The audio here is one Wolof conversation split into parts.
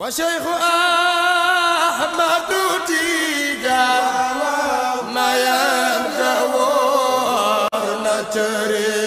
wa Cheikh Ahmadu Tijaan ma yanta woor na cëre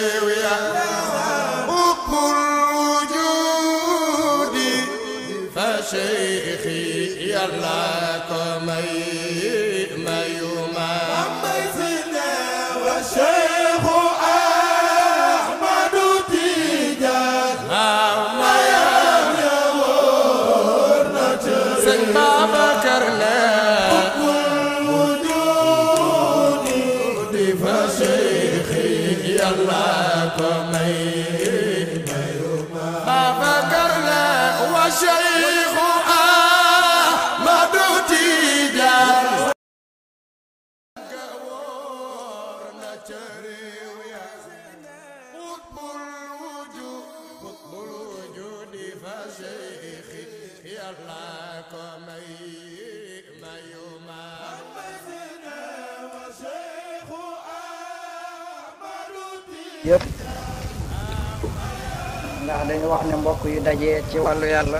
mbokk yu dajee ci wàllu yàlla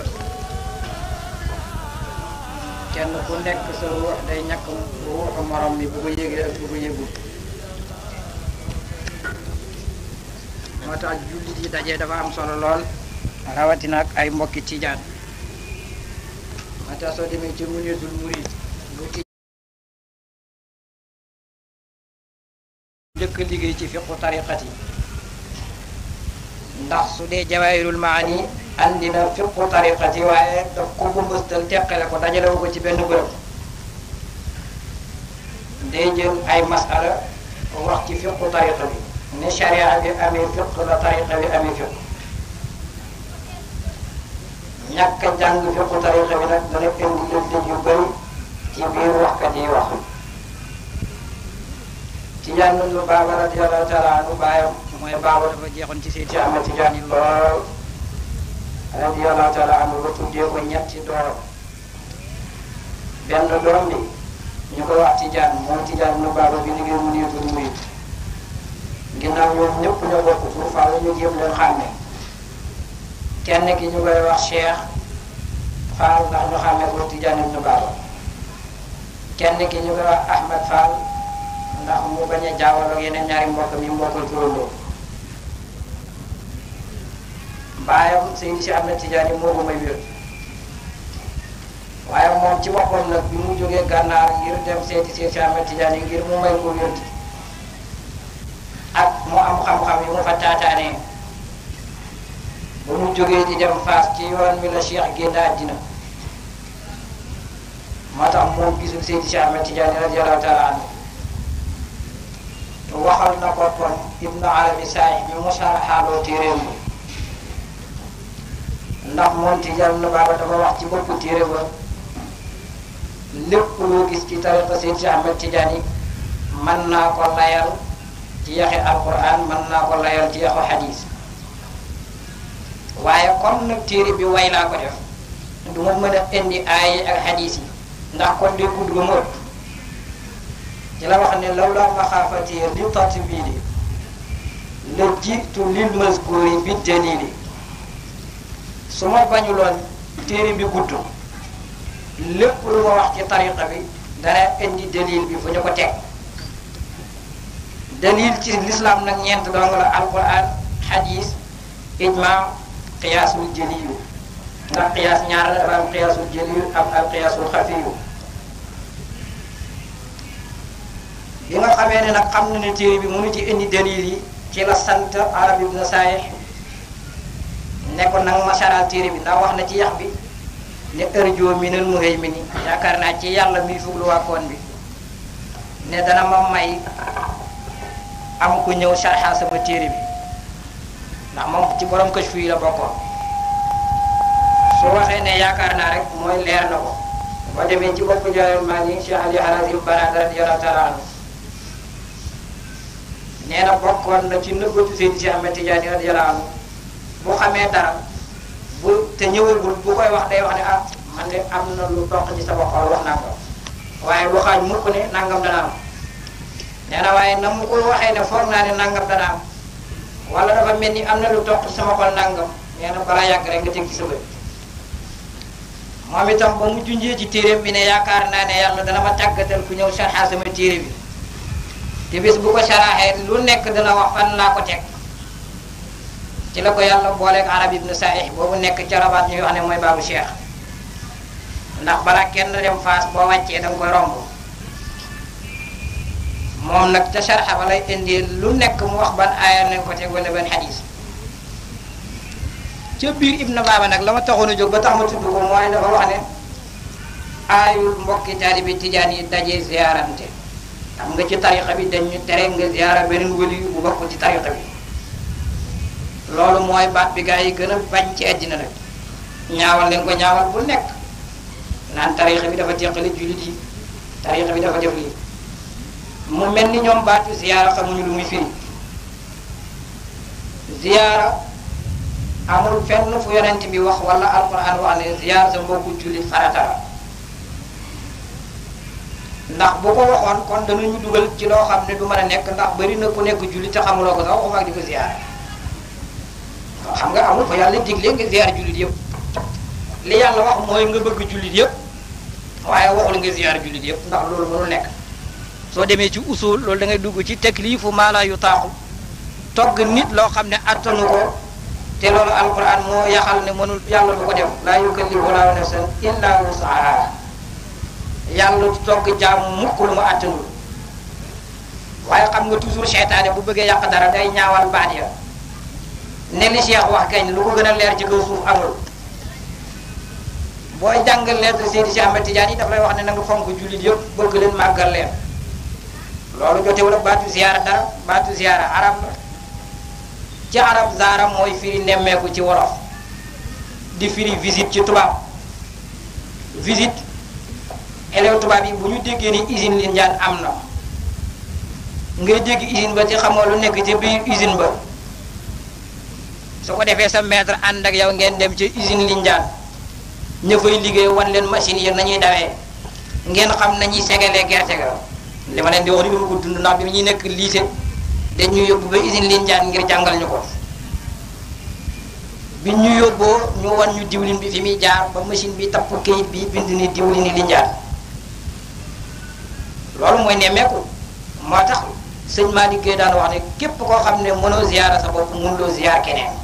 kenn ku nekk sa ruux day ñàkk ruuxu morom mi bu yëgee ak bu yëgul moo jullit yi dajee dafa am solo lool rawatina ak ay mbokki tijaan moo tax soo demee ci muneetul murid bu ci njëkk liggéey ci fiqu tariqat yi ndax su dee jawaahirul maani andi na fiqu tariqati waaye daf ko gumbëstal teqale ko dajalewu ko ci benn bërëb day jël ay masala wax ci fiqu tariqa bi ne sharia fiq la tariqa bi fiq ñàkk a jàng fiqu tariqa nag dana indi lëndëj yu bëri ci biir wax ci yàlla lu baaba radiyallahu taala anhu baayam mooy baabu dafa jeexoon ci Seydi Ahmed Tidiane lool radiyallahu taala anhu ba tuddee ko ñetti doom benn doom bi ñu ko wax Tidiane moom Tidiane nu baabu bi liggéey mu neetul muy ginnaaw ñoom ñëpp ñoo bokk pour faaw ñu jéem leen xàmme kenn ki ñu koy wax Cheikh Fall ndax ñu xàmme ko Tidiane ibnu Baba kenn ki ñu koy wax Ahmed Fall ndax mu bañ a jaawal ak yeneen ñaari mbokk mi mbokkal turandoo baayam sëñ si Ahmed Tidiane moo may wér waaye moom ci boppam nag bi mu jógee gànnaar ngir dem seeti sëñ si Ahmed Tidiane ngir mu may ko wér ak mu am xam-xam yi mu fa taataanee ba mu jógee di dem Fass ci yoon mi la Cheikh génn àddina moo tax moom gisul sëñ si Ahmed Tidiane radiyallahu taala anhu te waxal na ko kon Ibnu Arabi Saay bi mu saraxaaloo téeréem bi ndax moom Tijaan na baaba dafa wax ci boppu téere ba lépp loo gis ci tariqa Seydi Cheikh Ahmed Tidiane naa ko layal ci yaxi alquran mën naa ko layal ci yaxu xadis waaye kon nag téere bi way naa ko def du ma mën a indi aay ak xadis yi ndax kon day gudd ba ci la wax ne law la maxaafati li tatbili la jiitu lil mazkuri bi dalili su ma bañuloon téere bi gudd lépp lu ma wax ci tariqa bi dana indi dalil bi fu ñu ko teg dalil ci lislaam nag ñeent dong la alquran xadis ijma qiyaasul jëliyu ndax qiyaas ñaar la dafa qiyaasul jëliyu am al qiyaasul xafiyu bi nga xamee ne nag xam na ne téere bi mënu ci indi dalil yi ci la sant arab ibn ne nag ma saral téere bi ndax wax na ci yax bi ne ërjoo minal muhaymini yaakaar naa ci yàlla miy fuglu waa koon bi ne dana ma may am ku ñëw sarxaa sama téere bi ndax moom ci borom kashfu yi la bokkoon su waxee ne yaakaar naa rek mooy leer na ko boo demee ci bopp jooyal maa ngi Cheikh Ali Harazim Barada radiyallahu taala anhu nee bokkoon na ci nëbbatu seen Cheikh Ahmed Tidiane radiyallahu anhu bu xamee dara bu te ñëwagul bu koy wax day wax ne ah man de am na lu dox ci sama xol wax naa ko waaye bu xaaj mukk ne nangam dana am na waaye na mu ko waxee ne foog naa ne nangam dana am wala dafa mel ni am na lu dox sama xol nangam nee na balaa yàgg rek nga teg ci sa moom itam ba mu junjee ci téeréem mi ne yaakaar naa ne yàlla dana ma tàggatal ku ñëw sarxaa sama téere bi te bis bu ko saraaxee lu nekk dana wax fan laa ko teg ci la ko yàlla booleeg arab ibnu saih boobu nekk ca rabaat ñuy wax ne mooy baabu cheikh ndax balaa kenn dem faas boo wàccee danga koy romb moom nag ca sharxa ba lay indee lu nekk mu wax ban aaya nañ ko teg wala ban xadis ca biir ibnu baaba nag la ma taxoon a jóg ba tax ma tudd ko mooy dafa wax ne aayul mbokki taalibi tijaan yi daje ziyaarante xam nga ci tarixa bi dañu tere nga ziyaara beneen wëli bu bokkul ci tarixa bi loolu mooy baat bi gaa yi gën a bañ ci àddina nag ñaawal leen ko ñaawal bu nekk naan tarixa bi dafa teqale jullit yi tarixa bi dafa def lii mu mel ni ñoom baatu ziyaara xamuñu lu muy firi ziyaara amul fenn fu yonent bi wax wala alquran wax ne ziyaara sa mbokku jullit farata ndax bu ko waxoon kon dañu ñu dugal ci loo xam ne du mën a nekk ndax bari na ku nekk jullit te xamuloo ko sax waxuma ak di ko ziyaara xam nga amul fa yàlla digle nga ziar jullit yëpp li yàlla wax mooy nga bëgg jullit yëpp waaye waxul nga ziar jullit yëpp ndax loolu mënul nekk soo demee ci uso loolu da ngay dugg ci tekliifu maa laa yu taaxu togg nit loo xam ne attanu ko te loolu alquran moo yaxal ne mënul yàlla du ko def laa yukallifu laahu nafsan illa wusaha yàlla du togg jaamu mukk lu mu attanul waaye xam nga toujours seytaane bu bëggee yàq dara day ñaawal baat ya lenn cheikh wax kañ lu ko gën a leer ci kaw suuf amul booy jàng lettre Seydi Cheikh Ahmed Tidiane yi daf lay wax ne na nga fonk jullit yëpp bëgg leen màggal leen loolu jotewul ak baatu ziyaara dara baatu ziyaara arab la ci arab zaara mooy firi nemmeeku ci wolof di firi visite ci tubaab visite élève tubaab yi bu ñu déggee ni usine li njaan am na ngay dégg usine ba ci xamoo lu nekk ci biir usine ba soo ko defee sa maître ànd ak yow ngeen dem ci usine Lindiane ña fay liggéey wan leen machine yi nañuy dawee ngeen xam nañuy segalee gerte ga li ma leen di wax ni mu ko dund bi ñuy nekk lycée dañ ñu yóbbu ba usine Lindiane jàngal ñu ko bi ñu yóbboo ñu wan ñu diwlin bi fi muy jaar ba machine bi tapp kayit bi bind ni diwlin ni Lindiane loolu mooy nemmeeku moo tax sëñ Malick Guèye daan wax ne képp koo xam ne mënoo ziyaara sa bopp mënuloo ziyaar keneen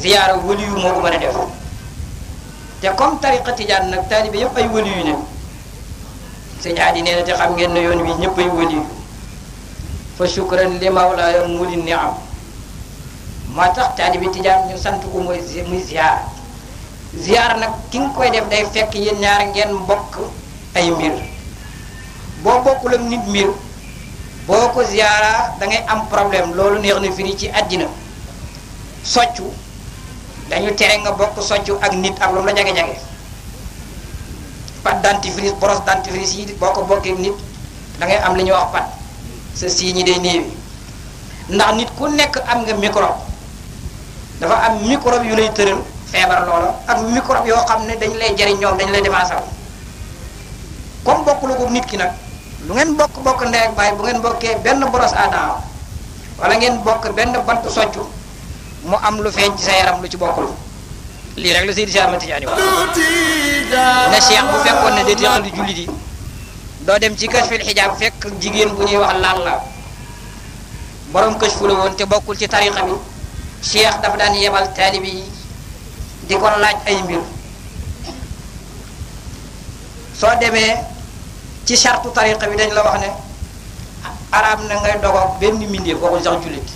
ziyaara waliyu moo ko mën a def te comme tariqa tijaan nag taalibe yëpp ay waliyu ne sëñ aadi nee te xam ngeen ne yoon wi ñëpp ay waliyu fa shukran li mawlaaya muuli ni am moo tax taalibe tijaan ñu sant ko mooy muy ziyaara ziyaara nag ki nga koy def day fekk yéen ñaar ngeen mbokk ay mbir boo bokkul ak nit mbir boo ko ziyaara da am problème loolu neex na firi ci àddina soccu dañu tere nga bokk soccu ak nit ak lu mu la ñage-ñage pat dentifrice brosse dentifrice yi boo ko bokkee nit dangay am li ñuy wax pat sa sii ñi day néewi ndax nit ku nekk am nga microbe dafa am microbe yu lay tëral feebar loola ak microbe yoo xam ne dañ lay jariñ ñoom dañ lay defaasaw comme bokkul ko nit ki nag lu ngeen bokk bokk ndey ak baay bu ngeen bokkee benn brosse à dents wala ngeen bokk benn bant soccu mu am lu feeñ sa yaram lu ci bokkul lii rek la Seydi Cheikh Ahmad Tidiane wax ne Cheikh bu fekkoon ne day ànd jullit yi doo dem ci kashful xijaab fekk jigéen bu ñuy wax laal la borom kashfu la te bokkul ci tariqa bi Cheikh dafa daan yebal taalibi yi di ko laaj ay mbir soo demee ci chartu tariqa bi dañ la wax ne arab na ngay dogoog benn mbindeef waxul sax jullit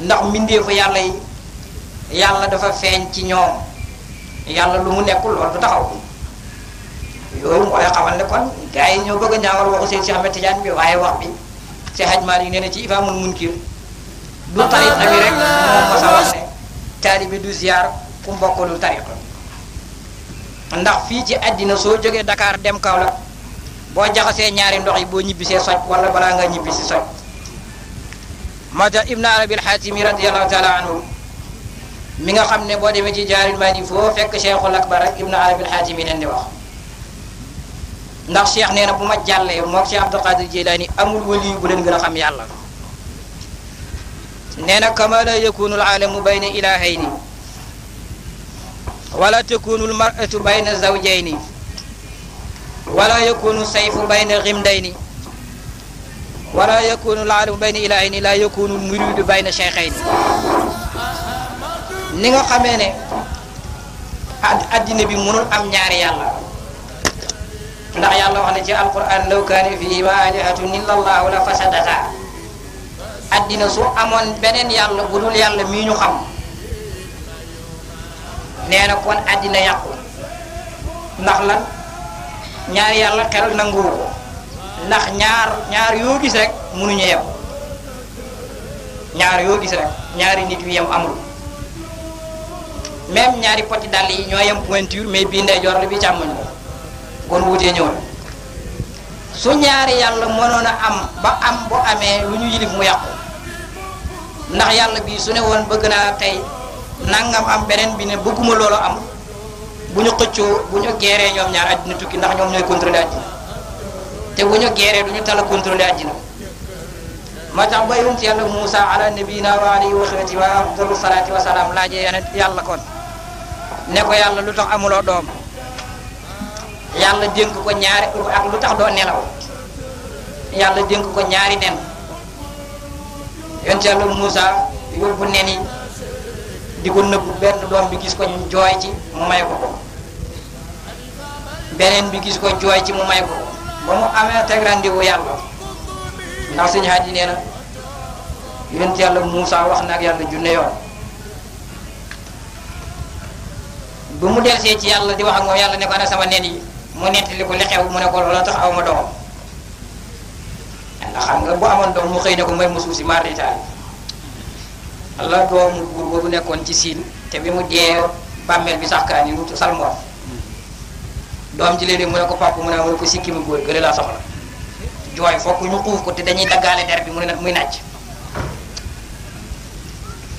ndax mbindeefu yàlla yi yàlla dafa feeñ ci ñoom yàlla lu mu nekkul loolu du taxaw yooyu mooy xamal ne kon gars yi ñoo bëgg ñaawal waxu seen Cheikh Ahmed Tidiane bi waaye wax bi Cheikh Hadj Malick nee na ci Imaamul Munkir du tariqa bi rek moom mos a wax ne taalibe du ziar ku mbokkalul tariqa ndax fii ci àddina soo jógee dakaar dem kaw la boo jaxasee ñaari ndox yi boo see soj wala balaa ngaa ñibbi ñibbisi soj moo tax ibnu arabi alxaatimi radiallahu taala anhu mi nga xam ne boo demee ci jaaril maadi foo fekk cheikhul akbar ak ibnu arabi alxaatimi leen di wax ndax cheikh nee na bu ma jàllee mook cheikh abdul qadir jilaani amul waliyu bu leen gën a xam yàlla na kama la yakunu al aalamu bayna ilahayni wala takunu al mar'atu bayna zawjayni wala yakunu sayfu bayna ghimdayni wala yakunu al alimu bayna ilaayni la yakunu al muridu bayna cheikhayni ni nga xamee ne addina bi mënul am ñaari yàlla ndax yàlla wax na ci alquran law kaana fiihimaa aalihatun illa allaahu la fasadataa addina su amoon beneen yàlla bu dul yàlla mii ñu xam nee na addina yàqu ndax lan ñaari yàlla xel nanguwu ko ndax ñaar ñaar yoo gis rek mënuñu yem ñaar yoo gis rek ñaari nit yu yem amul même ñaari poti dàll yi ñoo yem pointure mais bii ndeyjoor la bi càmmoñ la kon wutee ñëw la su ñaari yàlla mënoon a am ba am bu amee lu ñu yilif mu yàqu ndax yàlla bii su ne woon bëgg naa tey nangam am beneen bi ne bëgguma loolu am bu ñu xëccoo bu ñu geeree ñoom ñaar àddina tukki ndax ñoom ñooy contre contrôler àddina te bu ñu geeree du ñu tala a contrôlé àddina moo tax ba yonent yàlla Moussa ala nabiyina wa alayhi wa xeeti wa afdalu wa salaam laajee yàlla kon ne ko yàlla lu tax amuloo doom yàlla dénk ko ñaari lu tax doo nelaw yàlla dénk ko ñaari nen yonent yàlla Moussa yóbbu nen yi di ko nëbbu benn doom bi gis ko jooy ci mu may ko beneen bi gis ko jooy ci mu may ko ba mu amee teg rendez yàlla ndax suñu xaaj yi nee na yonent yàlla Moussa wax na yàlla junne yoon bu mu delsee ci yàlla di wax ak moom yàlla ne ko ana sama nen yi mu nettali ko li xew mu ne ko looloo tax aw ma doom yàlla xam nga bu amoon doom mu xëy ne ko may mu si maar d'Italie walla buur boobu nekkoon ci siin te bi mu dee bàmmeel bi sax kaan yi wut salmoor doom ji léeg-léeg mu ne ko papa mu ne mu ko sikki mu góor gële laa soxla jooy fokk ñu xuuf ko te dañuy daggaale der bi mu ne nag muy nàcc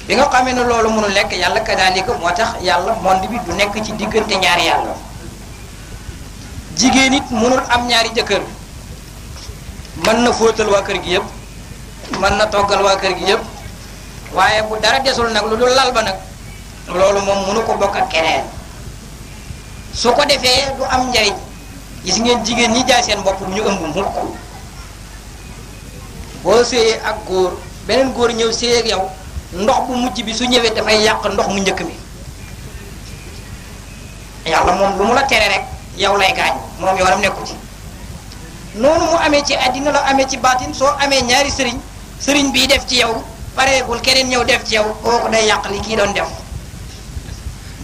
bi nga xamee ne loolu mënul lekk yàlla kadaalika moo tax yàlla monde bi du nekk ci diggante ñaari yàlla jigéen it mënul am ñaari jëkkër mën na fóotal waa kër gi yëpp mën na toggal waa kër gi yëpp waaye bu dara desul nag lu dul lal ba nag loolu moom mënu ko bokk ak keneen su ko defee du am njariñ gis ngeen jigéen ñi jaay seen bopp du ñu ëmb mukk boo séyee ak góor beneen góor ñëw séyee ak yow ndox bu mujj bi su ñëwee dafay yàq ndox mu njëkk mi yàlla moom lu mu la tere rek yow lay gaañ moom yoonam nekku ci noonu mu amee ci àddina la amee ci baatin soo amee ñaari sëriñ sëriñ bii def ci yow pareegul keneen ñëw def ci yow kooku day yàq li kii doon def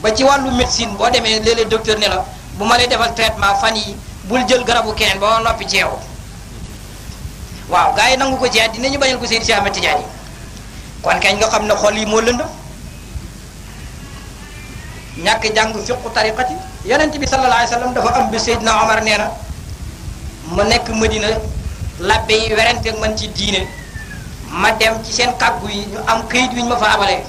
ba ci wàllu médecine boo demee léeg-léeg docteur ne la bu ma lay defal traitement fan yi bul jël garabu keneen ba ma noppi ci yow waaw gars yi nangu ko ci ñu bañal ko Seydi Cheikh Ahmed Tidiane kon kañ nga xam ne xol yi moo lënd ñàkk jàng fiqu tariqati yonent bi sallallahu la wa sallam dafa am bi Seydina Omar nee na ma nekk Madina labbe yi werante ak man ci diine ma dem ci seen kàggu yi ñu am kayit wi ñu ma fa abalee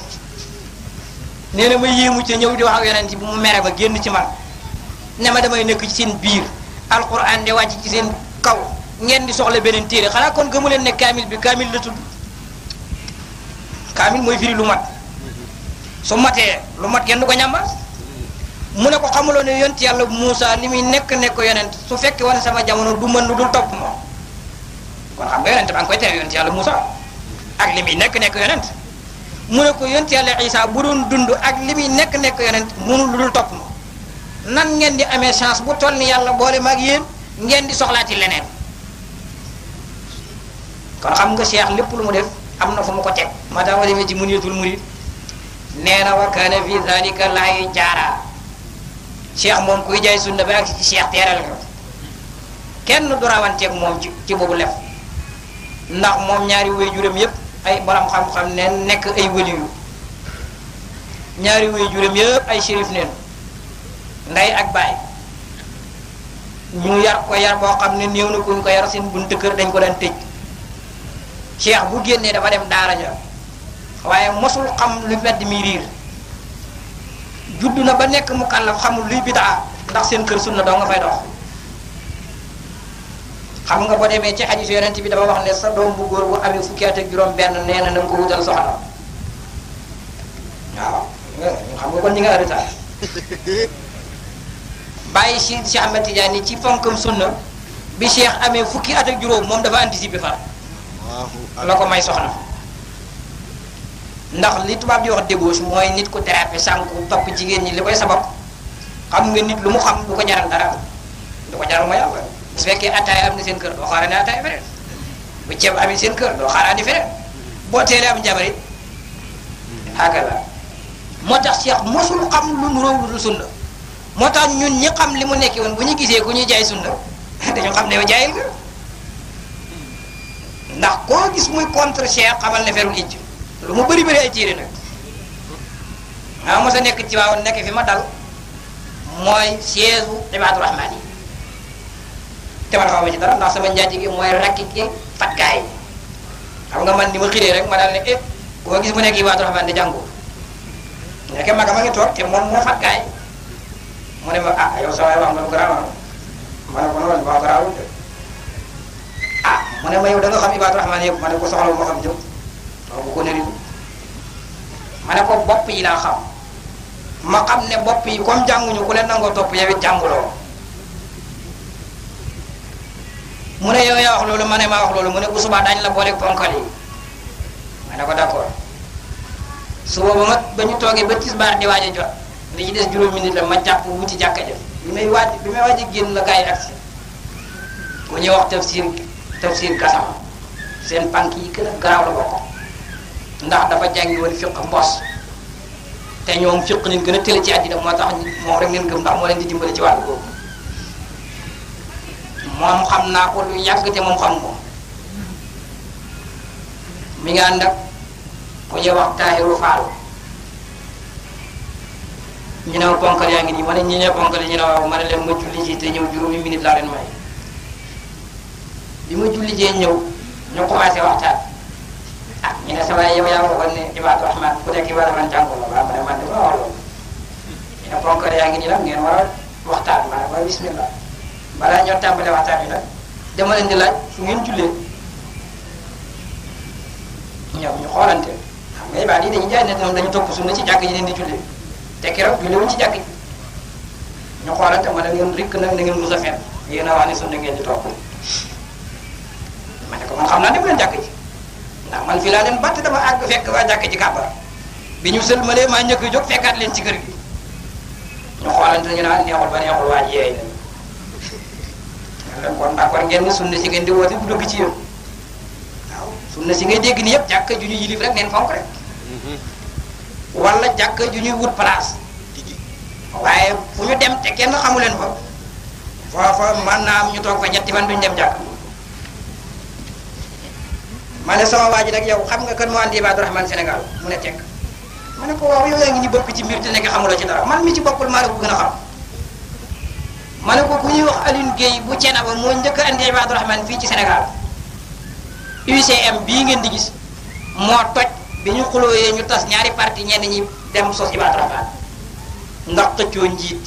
nee na ma yéemu ca ñëw di wax ak yonent bi mu mere ma génn ci man ne ma damay nekk ci seen biir alquran de wàcc ci seen kaw ngeen di soxla beneen téere xanaa kon gëmu leen ne kaamil bi kaamil la tudd kaamil mooy firi lu mat su matee lu mat genn du ko ñàmbaas mu ne ko xamuloo ne yont yàlla Moussa ni muy nekk nekk yonent su fekkee woon sama jamono du mën lu dul topp moom kon xam nga yonent ba nga koy tere yont yàlla Moussa ak li muy nekk nekk yonent mu ne ko yonent yàlla Isa bu doon dund ak li muy nekk nekk yonent mënu lu dul topp ma nan ngeen di amee chance bu toll ni yàlla boole ma ak yéen ngeen di soxlaati leneen kon xam nga Cheikh lépp lu mu def am na fu mu ko teg maa dama demee ci muniyatul murid nee na wa kaana fi dalika laay jaaraa Cheikh moom kuy jaay sunna ba ak ci Cheikh teeral ko kenn du rawanteeg moom ci ci boobu lef ndax moom ñaari wéy juróom yépp ay borom xam-xam neen nekk ay wëliyu ñaari wéy juróom yëpp ay shérif neen ndey ak baay ñu yar ko yar boo xam ne néew na kuñ ko yar seen buntu kër dañ ko leen tëj cheikh bu génnee dafa dem daara ja waaye mosul xam lu medd mi riir judd na ba nekk mu kàllaf xamul luy bidaa ndax seen kër sunna doo nga fay dox xam nga boo demee ci xadiis yonent bi dafa wax ne sa doom bu góor bu amee fukki at ak juróom benn nee na na nga ko wutal soxna waaw xam nga kon ñi nga arrêté bàyyi si Cheikh Ahmed Tidiane ci fonkam sunna bi Cheikh amee fukki at ak juróom moom dafa anticipé fa la ko may soxla ndax li tubaab di wax débauche mooy nit ku dérapé sànku topp jigéen ñi li koy sabab xam nga nit lu mu xam du ko jaral dara du ko jaral mooy yàlla su fekkee attaay am na seen kër doo xaarandi attaay feneen bu ceeb amee seen kër doo xaarandi boo teelee am jabar it hakala moo tax Cheikh mosul xam lu nu róow moo tax ñun ñi xam li mu nekki woon bu ñu gisee ku ñuy jaay sunna dañu xam ne yow jaayil nga ndax koo gis muy contre Cheikh xamal ne ferul ijj lu mu bari bëri ay tiire nag waaw mos a nekk ci waaw nekk fi ma dal mooy siège u te man xaw ma ci dara ndax sama njaaji gi mooy rakki ki fatkaay xam nga man ni ma xiree rek ma daal ne eh ku gis mu nekk yi waatu di jàngu ma ngi toog te ne ma ah yow sa waay nga lu garaaw ah. ne ko noonu waaw garaawul de ah mu ne ma yow da xam ibaadu rahmaan yëpp ma ne ko soxla ma xam jëm ko ma ne ko bopp yi naa xam ma xam ne bopp yi comme jànguñu ku leen nangoo topp yow it jànguloo mu ne yow yaa wax loolu ma ne maa wax loolu mu ne bu subaa daañu la boole ponkal yi ma ne ko d'accord su boobu nag ba ñu toogee ba tisbaar di waaj a jot li ci des juróom minute la ma jàpp wuti jàkka jëf bi may waaj bi may waaj a génn la gars yi agsi mu ñuy wax tafsir tafsir kasama seen pànk yi gën a garaaw la bokk ndax dafa jàngi woon fiq mbos te ñoom fiq leen gën a tële ci àddina moo tax moom rek leen gëm ndax moo leen di dimbale ci wàllu googu moom xam naa ko lu yàgg te moom xam ko mi ngi ànd ku ñuy wax Tahiru Fall ñu ne ma yaa ngi nii ma ne ñu ne ponkal ma ne ma julli ji te ñëw juróomi bi ma julli jee ñëw ñu commencé ah, ñu ne sa waay yow yaa waxoon ne Ibaadu Rahmaan yaa ngi nii nag ngeen war a waxtaan ma ne ma bismillah balaa ñor tàmbale waxtaan bi nag dama leen di laaj fu ngeen jullee ñoom ñu xoolante xam nga ibaad yi dañuy jaay ne ñoom dañu topp sunna ci jàkk ji leen di jullee te keroog jullee wuñ ci jàkk ñu xoolante ma ne ngeen rikk na ngeen mos a xeet yéen a wax ne sunna ngeen di topp ma ne ko xam naa ne bu leen jàkk ji ndax man fi laa leen batt dama àgg fekk waa jàkk ji kàbbar bi ñu ma maa njëkk jóg fekkaat leen ci kër gi ñu xoolante ñu naan neexul ba neexul waa ji yeey kon d'accord ah, ngeen ne sunna si ngeen di woote bu dëgg ci yéen waaw si ngay dégg yëpp jàkka ju ñu yilif rek neen fonk rek mm-hmm. wala jàkka ju ñuy wut place waaye fu dem te kenn xamu leen fa foofa mën naa am ñu toog fa ñetti fan duñu dem jàkk ma ne sama waa ji nag yaw xam nga kan moo andi Ibaadu Rahmaan Sénégal mu ne tekk ma ne ko waaw yow yaa ngi ñu bokk ci mbir te nekk xamuloo ci dara man mi ci bokkul maa la ko gën a xam ma ne ko ku ñuy wax Alioune Guèye bu Thiénaba moo njëkk a indi Ibadou Rahman fii ci Sénégal UCM bii ngeen di gis moo toj bi ñu xulóoyee ñu tas ñaari parti ñenn ñi dem sos Ibadou Rahman ndax xëccoo njiit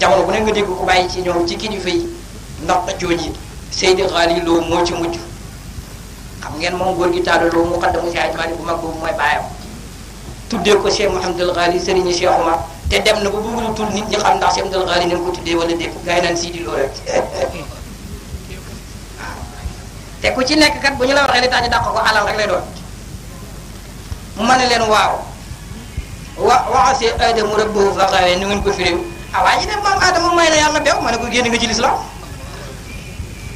jamono bu ne nga dégg ku bàyyi ci ñoom ci kilifa yi ndax xëccoo njiit Seydi Xaali Lo moo ci mujj xam ngeen moom góor gi taal loo mu xaddamu si ay bu mag boobu mooy baayam tuddee ko Cheikh Mouhamadul Xaali sëriñu Cheikh Omar te dem na ba bëgguñu tur nit ñi xam ndax am Abdoul Khari nañ ko tuddee wala dégg gaa yi naan di loo rek te ku ci nekk kat bu ñu la waxee li tax ñu dàq ko alal rek lay doon mu mën na leen waaw wa waxase aadamu rabbahu fa xawee nu ngeen ko firéew ah waa ji ne maam aadama may na yàlla beew ma a ko génn nga ci lislaam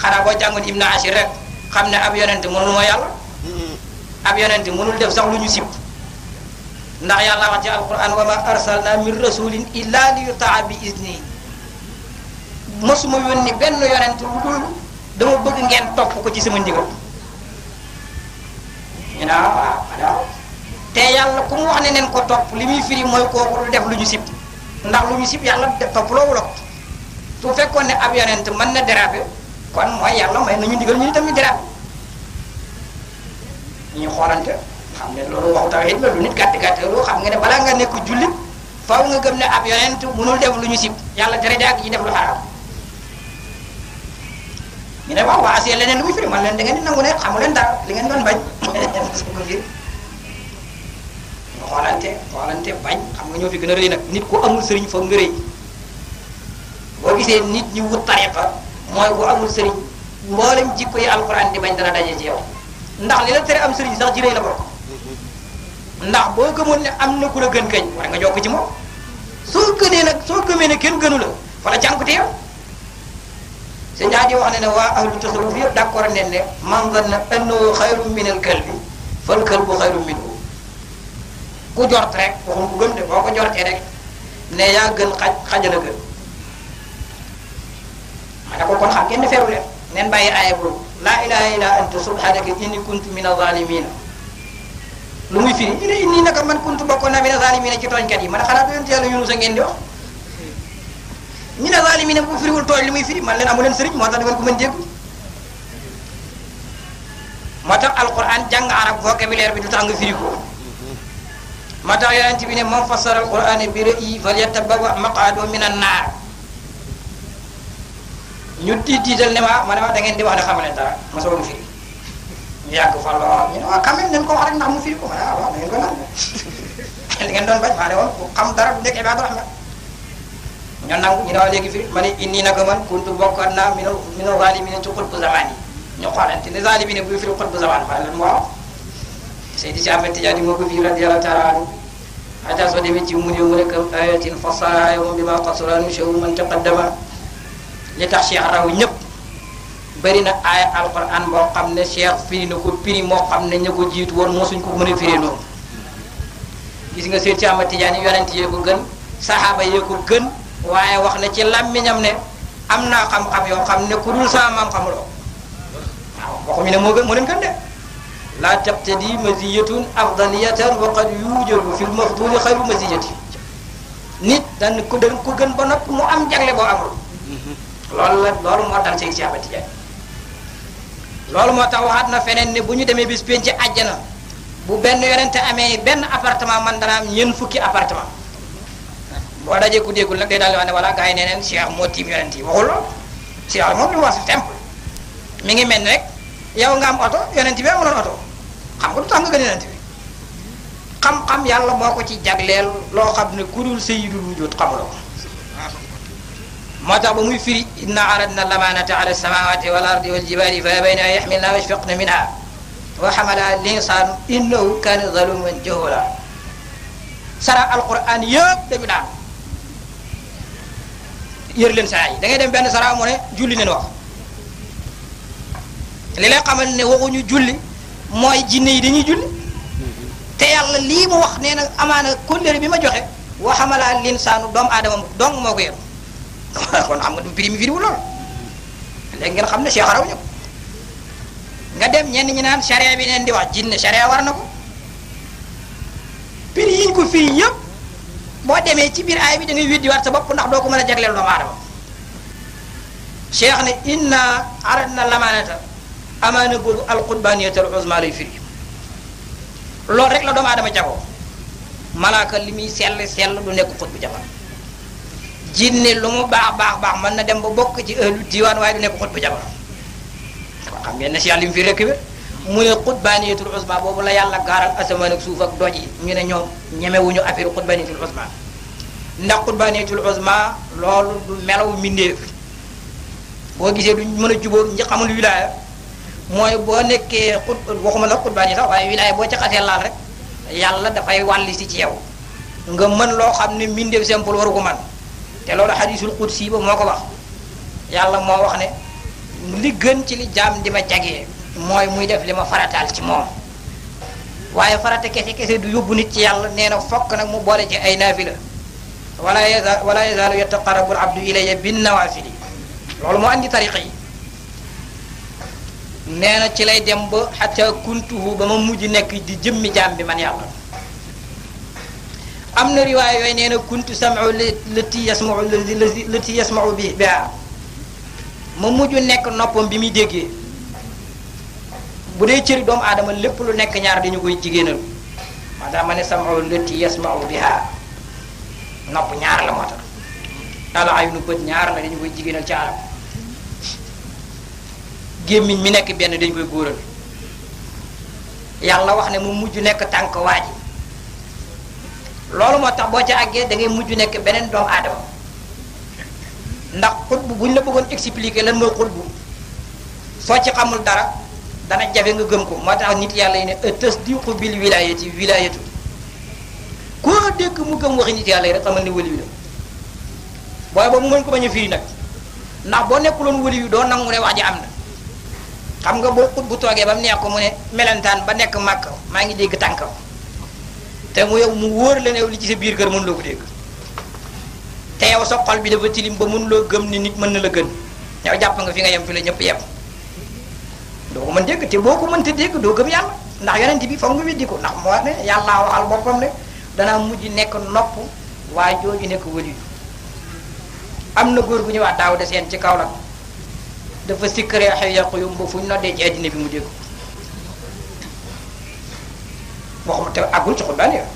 xanaa boo jàngoon ibnu ashir rek xam ne ab yonente mënul mooy yàlla mm-hmm. ab yonente mënul def sax lu ñu sib ndax yàlla wax ci alquran wa ma arsalna min rasulin illa li yutaa bi isni mosuma yónni benn yonent lu dul dama bëgg ngeen topp ko ci sama ndigal ah, te yàlla ku mu wax ne neen ko topp li muy firi mooy kooku du def lu ñu sib ndax lu ñu sib yàlla topp loowu la su fekkoon ne ab yonent mën na déraper kon mooy yàlla may nañu ñu ni tam ñu déraper ñu xoolante xam ne loolu waxu tawhid la nit gàtt gàtt loolu xam nga ne balaa nga nekk jullit faaw nga gëm ne ab yonent mënul def lu ñu sib yàlla tere ak yi dem lu xaraam ñu ne leneen lu muy firi man leen da ngeen di ne xamu leen dara li ngeen doon bañ parce que fii bañ xam ñoo fi gën a rëy nag nit ku amul sëriñ foog nga rëy boo gisee nit ñi wut tariqa mooy ku amul sëriñ mboolem jikko yi alquran di bañ dana daje ci ndax li la tere am sëriñ sax ci rëy la bokk ndax boo gëmoon ne am na ku a gën kañ war nga jokk ci moom soo gënee nag soo gëmee ne kenn gënu la fa la cànkute yow sëñ daa wax ne ne waa ahlu tasawuf yëpp d'accord nañ ne man zanna annahu xayrun min al kalbi fal kalbu xayrun minhu ku jort rek waxum ku ko jortee rek ne yaa gën xaj xajala gën ma ne ko kon xam kenn feeru leen neen bàyyi aaya boobu laa ilaha illa anta subhanaka inni kuntu min al zalimina lu muy firi ñu ne nii naka man kuntu bokkoon naa mi ne zaalimiina ci tooñkat yi man xanaa du yonent yàlla Yunusa ngeen di wax ñu ne zaalimiina bu firiwul tooñ li muy firi man leen amu leen sëriñ moo tax dangeen ko mën dégg moo tax alquran jàng arab vocabulaire bi du tax nga firi ko moo tax yonent bi ne man fassara alquran bi ra'yi falyatabawwa maq'adahu minan naar ñu tiitiital ne ma ma ne ma da ngeen di wax ne xam ne ma soog a firi ñu yàgg fa lool ñu ne waaw quand même ko wax rek mu firi ko ma ne ah naan li ngeen doon bañ maa ne woon ku dara bu nekk Ibaadu Rahmaan ñu nangu ñu ne waaw léegi firi ma ne inni naka man kuntu bokkoon naa minal minal zaalimiin ci xutbu zamaan yi ñu xoolante ne zaalimiin buy firi xutbu zamaan ma ne leen waaw Seydi Si Ahmed Tijaani moo ko firi radiyallaahu taala anhu xataa soo demee ci mu ne mu nekk ayatin fassarahaa bi maa qasara nushuu man taqaddama ñëpp bari na aaya alquran moo xam ne cheikh firi na ko piri moo xam ne ña ko jiitu woon mosuñ ko mën a firi noonu gis nga Seex Ahmad Tijaan yi yonent yee ko gën saxaaba yee ko gën waaye wax na ci làmmiñam ne am naa xam-xam yoo xam ne ku dul sama xamuloo waaw waxuñu ne moo gën moo leen gën de laa tabtadi maziyatun afdaliyatan wa qad yujadu fil mafduli xayru maziyati nit dañ ko dañ ko gën ba nopp mu am jagle boo amul mm-hmm. loolu la loolu moo dal loolu moo tax waxaat na feneen ne bu ñu demee bis penc àjjana bu benn yonente amee benn apartement man dana am ñeent fukki appartement boo dajee ku déggul nag day daal di wax ne voilà gars yi nee neen Cheikh moo tiim yonent yi waxul lool Cheikh moom lu mu wax temple mi ngi mel ni rek yow nga am oto yonent bi amuloon oto xam nga du tax nga gën yonent bi xam-xam yàlla moo ko ci jagleel loo xam ne ku dul sayyidul wujud xamuloo moo tax ba muy firi inna aradna lamanata ala samawati wal ardi wal jibali fa abayna an yaxmilna wa ashfaqna minha wa xamalaha linsaanu sara alquran yëpp dañu daan yër leen yi da ngay dem benn sara mu ne julli leen wax li lay ne waxuñu julli mooy jinne yi dañuy julli te yàlla lii mu wax nee na amaana kóllëre bi ma joxe wa xamalaha linsaanu doomu aadama dong moo ko kon xam nga du prix mi firiwul lool léegi xam ne Cheikh raw ñu nga dem ñenn ñi naan charia bi neen di wax jinne charia war na ko prix yiñ ko fii yëpp boo demee ci biir aay bi da ngay weddiwaat sa bopp ndax doo ko mën a jagleel doomu aadama Cheikh ne inna aradna lamanata amaana googu alqurbaniyata al uzma lay firi loolu rek la doomu aadama jagoo malaaka li muy sell sell du nekk xut bu jabar jinne lu mu baax baax baax mën na dem ba bokk ci ëllu diwaan waaye du nekk xut bu jabar kon xam ngeen ne si yàlla yi mu fi récupéré mu ne xutbaaniyatul usma boobu la yàlla gaaral asamaan ak suuf ak doj yi ñu ne ñoom ñemewuñu affaire xutbaaniyatul usma ndax xutbaaniyatul usma loolu du melaw mbindeef boo gisee du mën a jubóor ñi xamul wilaaya mooy boo nekkee xut waxuma la xutbaani sax waaye wilaaya boo ca xasee laal rek yàlla dafay wàlli si ci yow nga mën loo xam ne mbindeef simple waru ko man te loolu xadiisul qudsi ba moo ko wax yàlla moo wax ne li gën ci li jaam di ma jagee mooy muy def li ma farataal ci moom waaye farata kese kese du yóbbu nit ci yàlla nee na fokk nag mu boole ci ay naafila wala yaza wala yazaalu yataqarabu l abdu ilayya bin nawaafili loolu moo andi tariqa yi nee na ci lay dem ba xata kuntuhu ba ma mujj nekk di jëmmi jaam bi man yàlla am na riwaay yooyu nee na kuntu sam'u lati yasma'u lati bi biha ma mujj nekk noppom bi muy déggee bu dee cëri doomu aadama lépp lu nekk ñaar dañu koy jigéenal moo tax ma ne sam'u lati yasma'u biha nopp ñaar la moo tax al aynu bët ñaar la dañu koy jigéenal ci arab gémmiñ mi nekk benn dañu koy góoral yàlla wax ne mu mujj nekk tànk waaji loolu moo tax boo ca àggee da ngay mujj nekk beneen doomu aadama ndax xutbu buñ la bëggoon expliquer lan mooy xutbu soo ci xamul dara dana jafe nga gëm ko moo tax nit yàlla yi ne tasdiqu bil wilayati wilayatu koo dégg mu gëm waxi nit yàlla yi rek xamal ne wëliw la booy boobu mën ko bañ a firi nag ndax boo nekkuloon wëliw doo nangu ne wax ji am na xam nga boo xut bu toogee ba mu neex ko mu ne melentaan ba nekk màkk maa ngi dégg tànkaw te mu yow mu wóor la ne yow li ci sa biir kër mënuloo ko dégg te yow sa xol bi dafa tilim ba mënuloo gëm ni nit mën na la gën yow jàpp nga fi nga yem fi la ñëpp yem doo ko mën dégg te boo ko mënta dégg doo gëm yàlla ndax yonent bi foog nga weddi ko ndax moo ne yàllaa waxal boppam ne danaa mujj nekk nopp waaye jooju nekk wëliyu am na góor bu ñuy wax daaw de seen ci kaw la dafa sikkaree xëy yàqu yum ba fu ñu noddee ci addina bi mu dégg waxuma te àggul ci xutbaan yooyu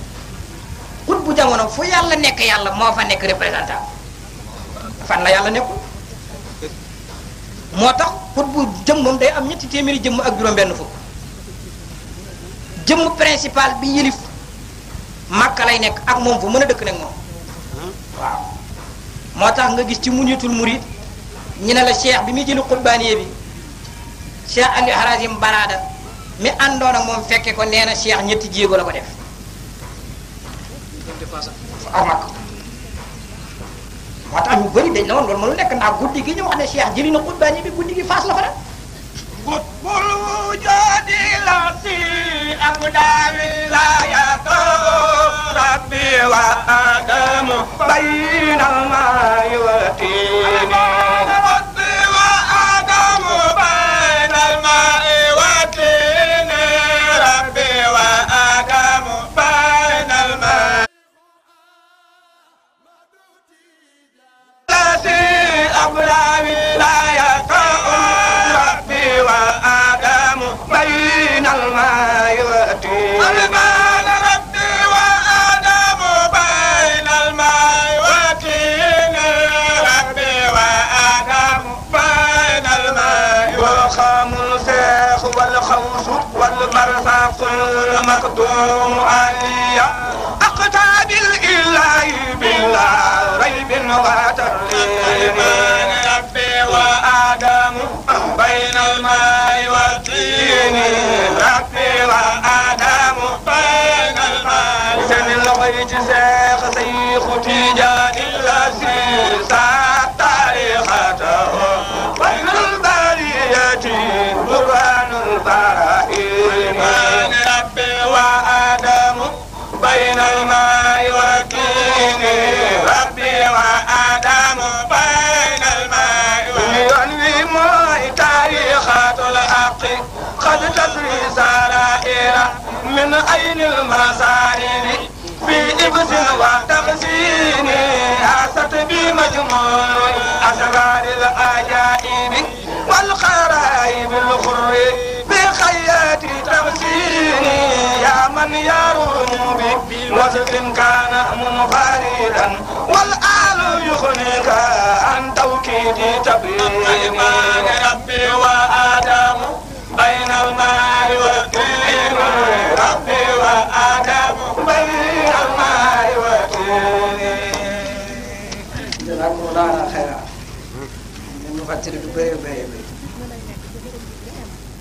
xut bu jamono fu yàlla nekk yàlla moo fa nekk représentant fan la yàlla nekkul moo tax xut bu jëmmam day am ñetti téeméeri jëmm ak juróom-benn fukk jëmm principal bi yilif màkka lay nekk ak moom fu mën a dëkk nag moom moo tax nga gis ci munitul murid ñu ne la cheikh bi muy jëli xutbaaniye bi cheikh ali harazim barada mi àndoon ak moom fekke ko nee na Cheikh ñetti jéego la ko def aw mag moo tax ñu bëri dañ la woon loolu mënul nekk ndax guddi gi ñu wax ne Cheikh jëli na xutbaani bi guddi gi faas la ko def قطب الوجود لطي أبدى ولايته ربي وآدم بين الماء والطين ربي وآدم بين الماء والبرزخ المخدوم عليا أقتى بالإله بلا ريب وترليم ربي وآدم بين الماء والطين ربي وآدم بين الماء سن الغيج سيخ سيخ تيجان الذي تدري سرائر من أين المسائل في إبس وتقسيم أتت بمجموع أسرار العجائب والخرائب الخر بخيات تقسيم يا من يروم بوصف كان منفردا والآل يغنيك عن توكيد تبريم ربي وآل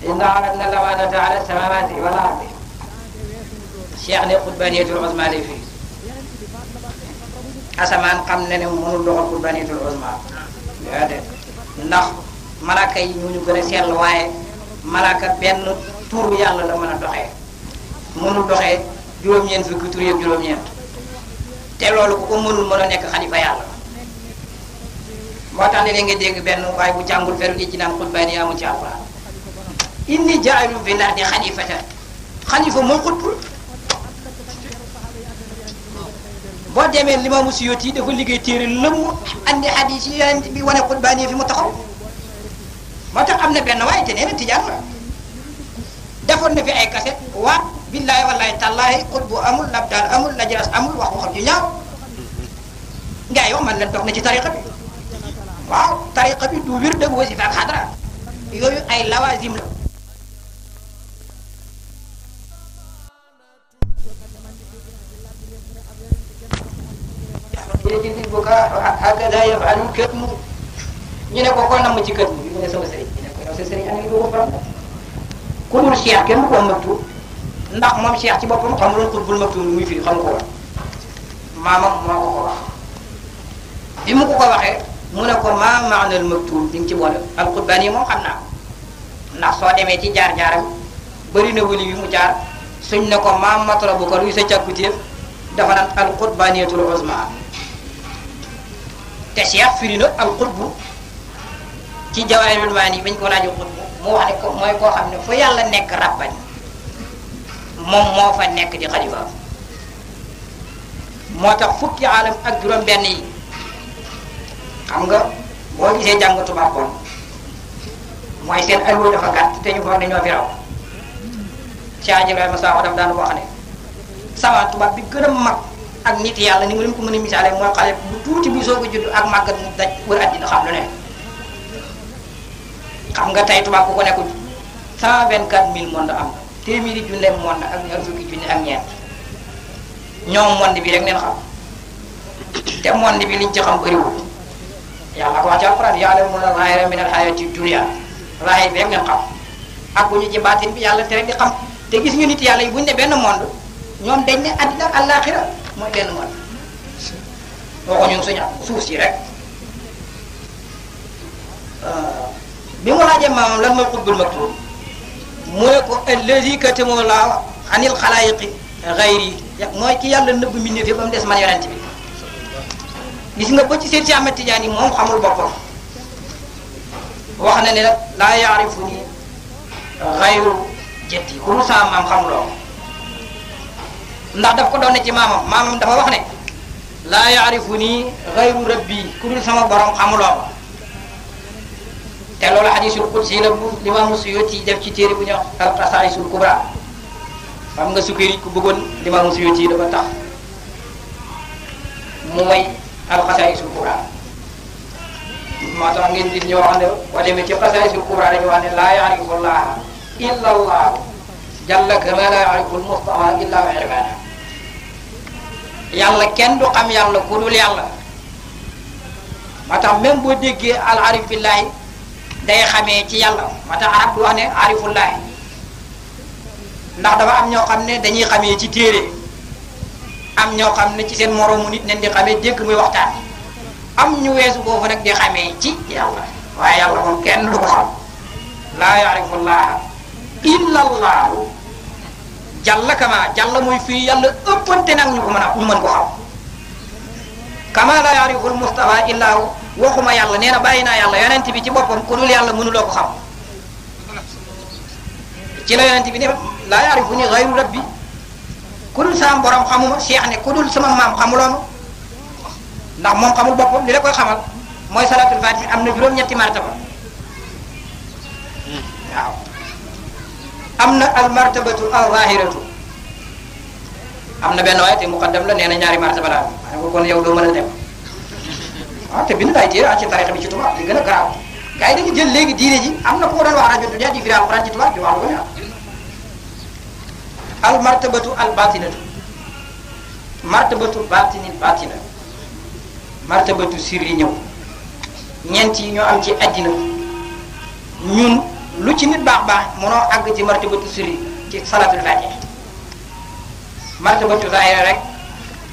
إن عرضنا الأمانة على السماوات والأرض Cheikh ne xutbaniyatul osma lay fii asamaan xam na ne mënul doxal xutbaniyatul osma. waaw de ndax malaaka yi ñu ñu gën a seetlu waaye. malaaka benn turu yàlla la mën a doxee mënul doxee juróom-ñeent fukki tur yëpp juróom-ñeent te loolu ku ko mënul mën a nekk xalifa yàlla moo tax ne nga dégg benn waaye bu jàngul feru di ci naan xutbaa ni amul ci alquran inni jaalu bi laa di xalifata xalifa moo xutb boo demee yi dafa liggéey téere lëmm andi xadis yi bi wane xutbaa ni fi mu taxaw moo tax am na benn waaye te nee tijaan la defoon na fi ay kaset waat billaay wallaay tallaahi xut bu amul labdaan amul najaras amul wax waxam ju ñaaw ngaa yow man leen dox na ci tariqa bi waaw tariqa bi du wir dëgg wasifa ak xadra yooyu ay lawazim la يجد البكاء هكذا يفعل الكتم ñu ne ko koo namm ci kër gi mu ne sama sëriñ ñu ne ko yow sa sëriñ ana ngi doogu borom ku dul cheikh kenn ko maktuum ndax moom cheikh ci boppam xamuloon xutbul maktuum lu muy firi xamu ko woon maamam moo ko ko wax bi mu ko ko waxee mu ne ko maa maanal maktuum di nga ci boole al xutbaan yi moom xam naa ndax soo demee ci jaar-jaaram bëri na wëli bi mu jaar suñ ne ko maam matara bu ko luy sa càkkutéef dafa naan al xutbaaniyatul uzma te cheikh firi na al xutbu ci Jawaahirul Maani nii bañ ko laajoo xut mu wax ne ko mooy koo xam ne fu yàlla nekk ràbban moom moo fa nekk di xalifaam moo tax fukki alam ak juróom-benn yi xam nga boo gisee jàng tubaab kon mooy seen alwa dafa gàtt te ñu foog ne ñoo fi raw Cheikh Ibrahima Sakho daf daan wax ne sama tubaab bi gën a mag ak nit yàlla ni mu leen ko mën a misaale mooy xale bu tuuti bi soo ko judd ak màggat mu daj wër àddina xam lu ne. xam nga tey tubaab ku ko nekkul 124000 monde am téeméeri junne am ak ñaar fukki junne ak ñeent ñoom monde bi rek neen xam te monde bi liñ ci xam bëriwul yàlla ko wax ci alquran rek neen xam ak bu ñu ci baatin bi yàlla te rek di xam te gis ñu nit yàlla yi bu ñu ne benn monde ñoom dañ ne àddina ak àllaaxira mooy benn monde waxuñu suñu suuf si rek. Euh, bi mu laajee maamam lan mooy xutbul maktub mu ne ko allazi katamoo laa anil xalaayiqi xayri mooy ki yàlla nëbb mbindeef yëpp ba mu des man yonent bi gis nga ba ci seen si Ahmed Tidiane yi moom xamul boppam wax na ne laa ko doon ne ci maamam maamam dafa wax ne sama borom xamuloo te loolu hadisul qudsi la bu limaamu suyuti def ci téere bu ñuy wax al qasaisul kubra xam nga sukkeeri ku bëggoon limaamu suyuti dafa tax mu may al qasaisul kubra moo tax ngeen gis ñu wax ne boo demee ci qasaisul kubra dañu wax ne laa yaarifu llaha illa allah jalla kama laa yaarifu lmustafa illa irmana yàlla kenn du xam yàlla ku dul yàlla moo tax même boo déggee al arif billahi day xamee ci yàlla moo tax arab du wax ne arifullahi ndax dafa am ñoo xam ne dañuy xamee ci téere am ñoo xam ne ci seen moroomu nit nen di xamee dégg muy waxtaan am ñu weesu foofu rek di xamee ci yàlla waaye yàlla moom kenn du ko xam laa yarifullaha illa allahu jàll kama jàll muy fii yàlla ëppante nag ñu ko mën mën ko xam kama laa yariful mustafa illahu waxuma yàlla nee na bàyyi naa yàlla yonent bi ci boppam ku dul yàlla mënuloo ko xam ci la yonent bi ne laa yaarifu ni xayru rabbi ku dul sama borom xamuma cheikh ne ku dul sama maam xamuloon ndax moom xamul boppam li la koy xamal mooy salatul fatih am na juróom-ñetti martaba waaw na al martabatu al zahiratu am na benn waaye te muqaddam la nee na ñaari martaba la ko kon yow doo mën a dem ah te bind na ay téere ah ci tarixa bi ci tubaab li gën a garaaw gars yi dañu jël léegi diine ji am na koo doon wax rajo dunia di firi alquran ci tubaab di wax lu ko neex al martabatu al batinatu martabatu batinin batina martabatu sirri ñëw ñeent yi ñoo am ci àddina ñun lu ci nit baax baax mënoo àgg ci martabatu sirri ci salatul fatiha martabatu zahira rek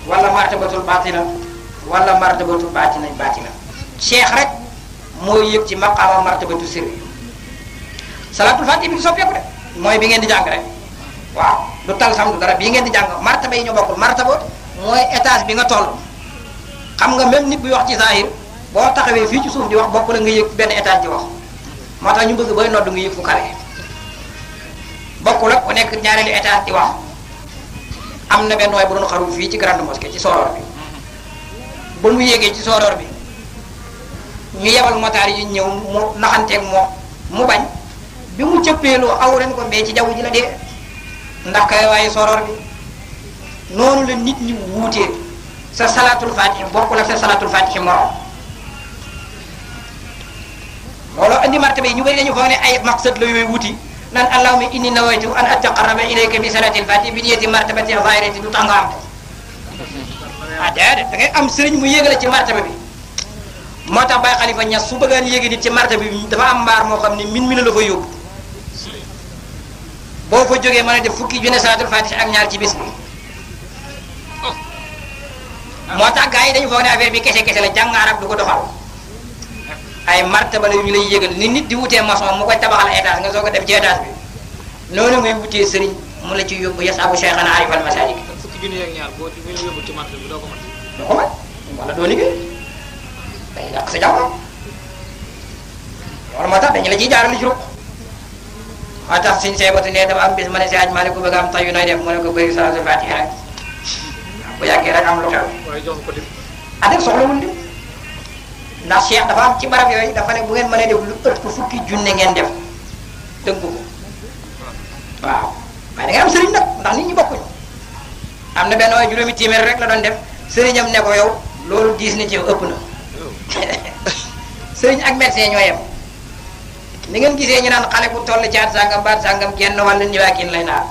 wala martabatul batina wala martabatu baatina baatina cheikh rek moo yëg ci maqaama martabatu sirri salaatul fatiha bi ngi soppeeku de mooy bi ngeen di jàng rek waaw lu tal sam du dara ngeen di jàng martaba yi ñu bokkul martaba mooy étage bi nga toll xam nga même nit buy wax ci zahir boo taxawee fii ci suuf di wax bokk la nga yëg benn étage di wax moo tax ñu bëgg booy nodd nga yëg fu kawe bokkul ak ku nekk ñaareelu étage di wax am na benn waay bu doon xaru fii ci grande mosquée ci soror bi ba mu yéegee ci sooroor bi ñu yebal motaar yi ñëw mu naxanteeg moo mu bañ bi mu cëppeeloo aw ren ko mbee ci jaww ji la dee ndax kay waaye sooroor bi noonu la nit ñi wuutee sa salaatul fatih bokkul ak sa salaatul fatih morom looloo indi martaba yi ñu bëri dañu foog ne ay maqsad la yooyu wuti naan allahumma inni nawaytu an ataqarraba ilayka bi salaatil fatih bi niyati martabati zaahirati du tax nga am ah déedéet am sëriñ mu yéegale ci martaba bi moo tax Baye Khalifa Niass su bëggaan yéegi nit ci martaba bi dafa am mbaar moo xam ne min mi la fa yóbbu boo fa jógee mën a def fukki junne salaatul fatih ak ñaar ci bis bi moo tax gars yi dañu foog ne affaire bi kese kese ne jàng arab du ko doxal ay martaba la yu ñu lay yégal ni nit di wutee maçon mu koy tabaxal étage nga soo ko def ci étage bi noonu ngay wutee sëriñ mu la ci yóbbu yas abu cheikh ana fukki junni ak ñaar boo wala doo liggéey day yàq sa loolu moo tax dañu la ciy jaarale ci ruq moo tax suñ seebatu ne dafa am bis ma ne si aj maa ne ko bëgg am tayu nooy def mu ne ko bëri saa su fatiha rek bu yàggee rek am lu xew. waaye jox ko lim. ah dëgg soxlawul dafa am ci barab yooyu dafa ne bu ngeen mënee def lu ëpp fukki junne ngeen dem dënku ko waaw waaye am sëriñ nag ndax nit ñi bokkuñu. am na benn waaye juróomi téeméer rek la doon def sëriñam ne ko yow loolu diis na ci yow ëpp na sëriñ ak médecin ñoo yem ni ngeen gisee ñu naan xale bu toll ci at sàngam ba at sàngam genn wàllu niwaakin lay naan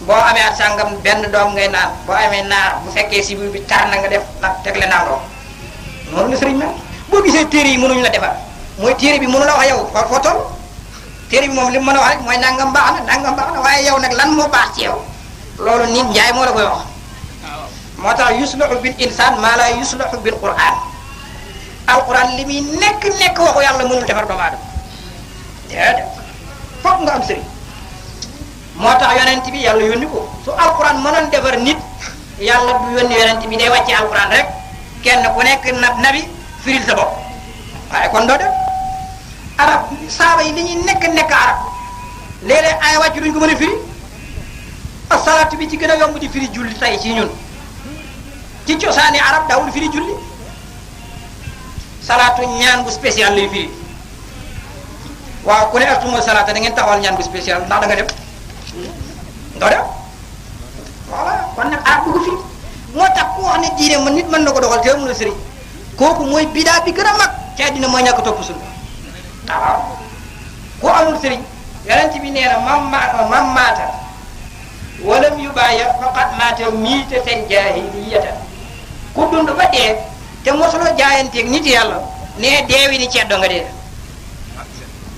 boo amee at sàngam benn doom ngay naan boo amee naar bu fekkee sibir bi tar na nga def nag tegle naanoo noonu la sëriñ mel boo yi mënuñu la defar mooy téere bi mënu la wax yow foo foo toll téere bi moom li mu mën a wax rek mooy nangam baax na nangam baax na waaye yow nag lan moo baax ci yow loolu nit njaay moo la koy wax moo tax yusluxu bil insaan maa laa yusluxu bil quraan alquran li muy nekk nekk waxu yàlla mënul defar doomu aadama déedéet foog nga am sëriñ moo tax yonent bi yàlla yónni ko su alquran mënoon defar nit yàlla du yónni yonent bi day wàcce alquran rek kenn ku nekk na nabi firil sa bopp waaye kon doo def arab saaba yi li ñuy nekk nekk arab léeg-léeg ay wàcc duñ ko mën a firi asalaatu bi ci gën a yomb di firi julli tey ci ñun ci cosaani arab daawul firi julli salaatu ñaan bu spécial lay firi waaw ku ne astuma salaata da ngeen taxawal ñaan bu spécial ndax da nga dem doo dem voilà kon nag arab dugg firi moo tax ku wax ne diine man nit mën na ko doxal te amul sëriñ kooku mooy bidaa bi gën a mag ci àddina mooy ñàkk topp suñu amul sëriñ yonent bi nee na mam maata mam maata walam yu bàyya faqat maata miitatan jaahiliyatan ku dund ba dee te mosuloo jaayanteeg nit yàlla nee deewi ni ceddo nga dee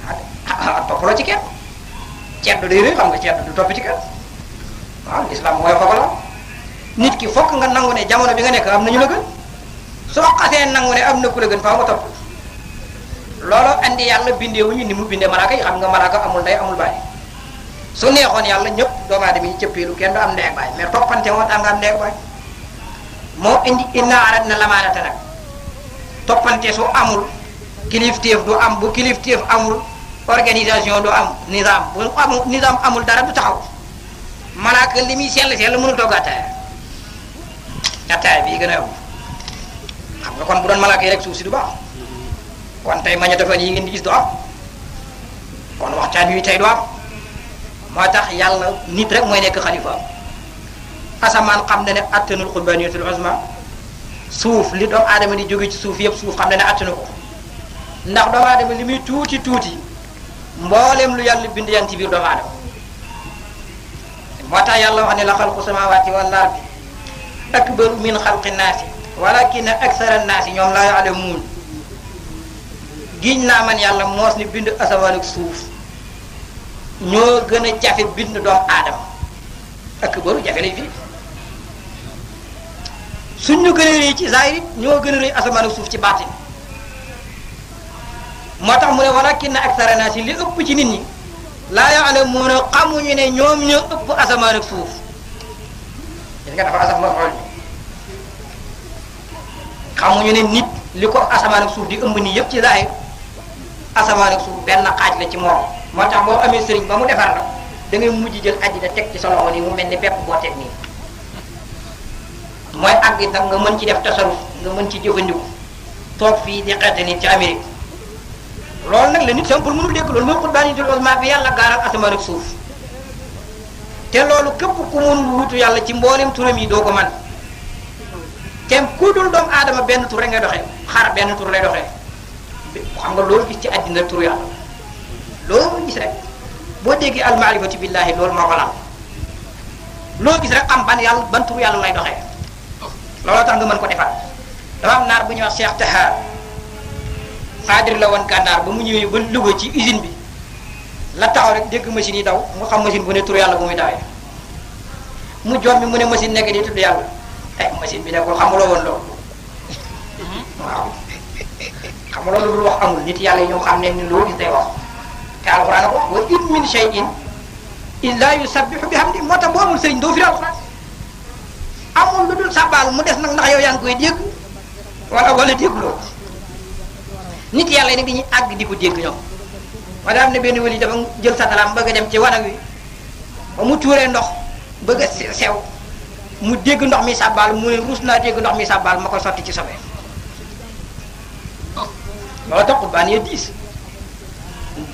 ah toppaloo ci kenn ceddo day rëy xam nga ceddo du topp ci kenn nit ki fokk nga nangu ne jamono bi nga nekk am na ñu la gën soo xasee nangu ne am na ku la gën faaw nga topp looloo andi yàlla bindee wu ñu ni mu bindee malaaka yi xam nga malaaka amul ndey amul bàyyi. su neexoon yàlla ñëpp doomu aadama yi cëppeelu kenn du am ndey ak baay mais toppante moo tax nga am ndey ak baay moo indi inna arat na lamaanata nag toppante su amul kilifteef du am bu kilifteef amul organisation du am nizaam bu amul dara du taxaw malaaka li muy sell sell mënul togg attaaya attaaya bii a yomb xam nga kon bu doon malaaka yi rek suuf si kon tey maññatofan yi di gis tey du am. moo tax yàlla nit rek mooy nekk xalifaam asamaan xam ne ne attanul xurbaniyatul uzma suuf li doomu aadama di jóge ci suuf yëpp suuf xam na ne attanu ko ndax doomu aadama li muy tuuti tuuti mboolem lu yàlla bind yan ci biir doomu aadama moo tax yàlla wax ne la xalqu samawaati wal ardi akbaru min xalqi naasi walakinna aksara naasi ñoom laa ya'lamuun giñ naa man yàlla moos ni bind asamaan ak suuf ñoo gën a jafe bind doomu aadama ak baru jafe lañ fi suñ ñu gën a rëy ci zaahir ñoo gën a rëy asamaan suuf ci baatin moo tax mu ne walakin aksara naas li ëpp ci nit ñi laa ya'lamuuna xamuñu ne ñoom ñoo ëpp asamaan suuf gis nga dafa asaf ma xamuñu ne nit li ko asamaan ak suuf di ëmb nii yëpp ci zaahir asamaan suuf benn xaaj la ci moom. moo tax boo amee sëriñ ba mu defar la da ngay mujj jël àddina teg ci sa loxo nii mu mel ni pepp boo teg nii mooy àgg nag nga mën ci def tasaruf nga mën ci jëfandiku toog fii di xeete nit ci Amérique loolu nag la nit sam pour mënul dégg loolu mooy xutbaanitul osma bi yàlla gaaral asamaan ak suuf te loolu képp ku mënul wutu yàlla ci mboolem turam yi doo ko man te ku dul doomu aadama benn tur rek ngay doxee xar benn tur lay doxee xam nga loolu gis ci àddina tur loo gis rek boo déggee almaarifati billaahi loolu moo ko laal loo gis rek xam ban yàlla ban tur yàlla may doxee looloo tax nga mën ko defar dafa am naar bu ñuy wax Cheikh Tahar xaadir woon gànnaar ba mu ñëwee ba Louga ci usine bi la taxaw rek dégg machine yi daw mu xam machine bu ne tur yàlla bu muy dawee mu joom mi mu ne machine nekk di tudd yàlla ay eh, machine bi ne xamuloo woon loolu mm-hmm. waaw xamuloo lu wax amul nit yàlla yi ñoo xam ne ni loo gis day wax te alxuraan ko wa in min shay'in illa yusabbihu bihamdi moo tax boo amul sëriñ doo firi alxuraan amul lu dul sàbbaal mu des nag ndax yow yaa ngi koy dégg wala wala dégloo nit yàlla yi nag dañuy àgg di ko dégg ñoom ma am na benn wëli dafa jël satalaam bëgg a dem ci wanag wi ba mu tuuree ndox bëgg a sew mu dégg ndox mi sàbbaal mu ne ruus naa dégg ndox mi sàbbaal ma ko sotti ci sobe loolu tax xutbaan ya diis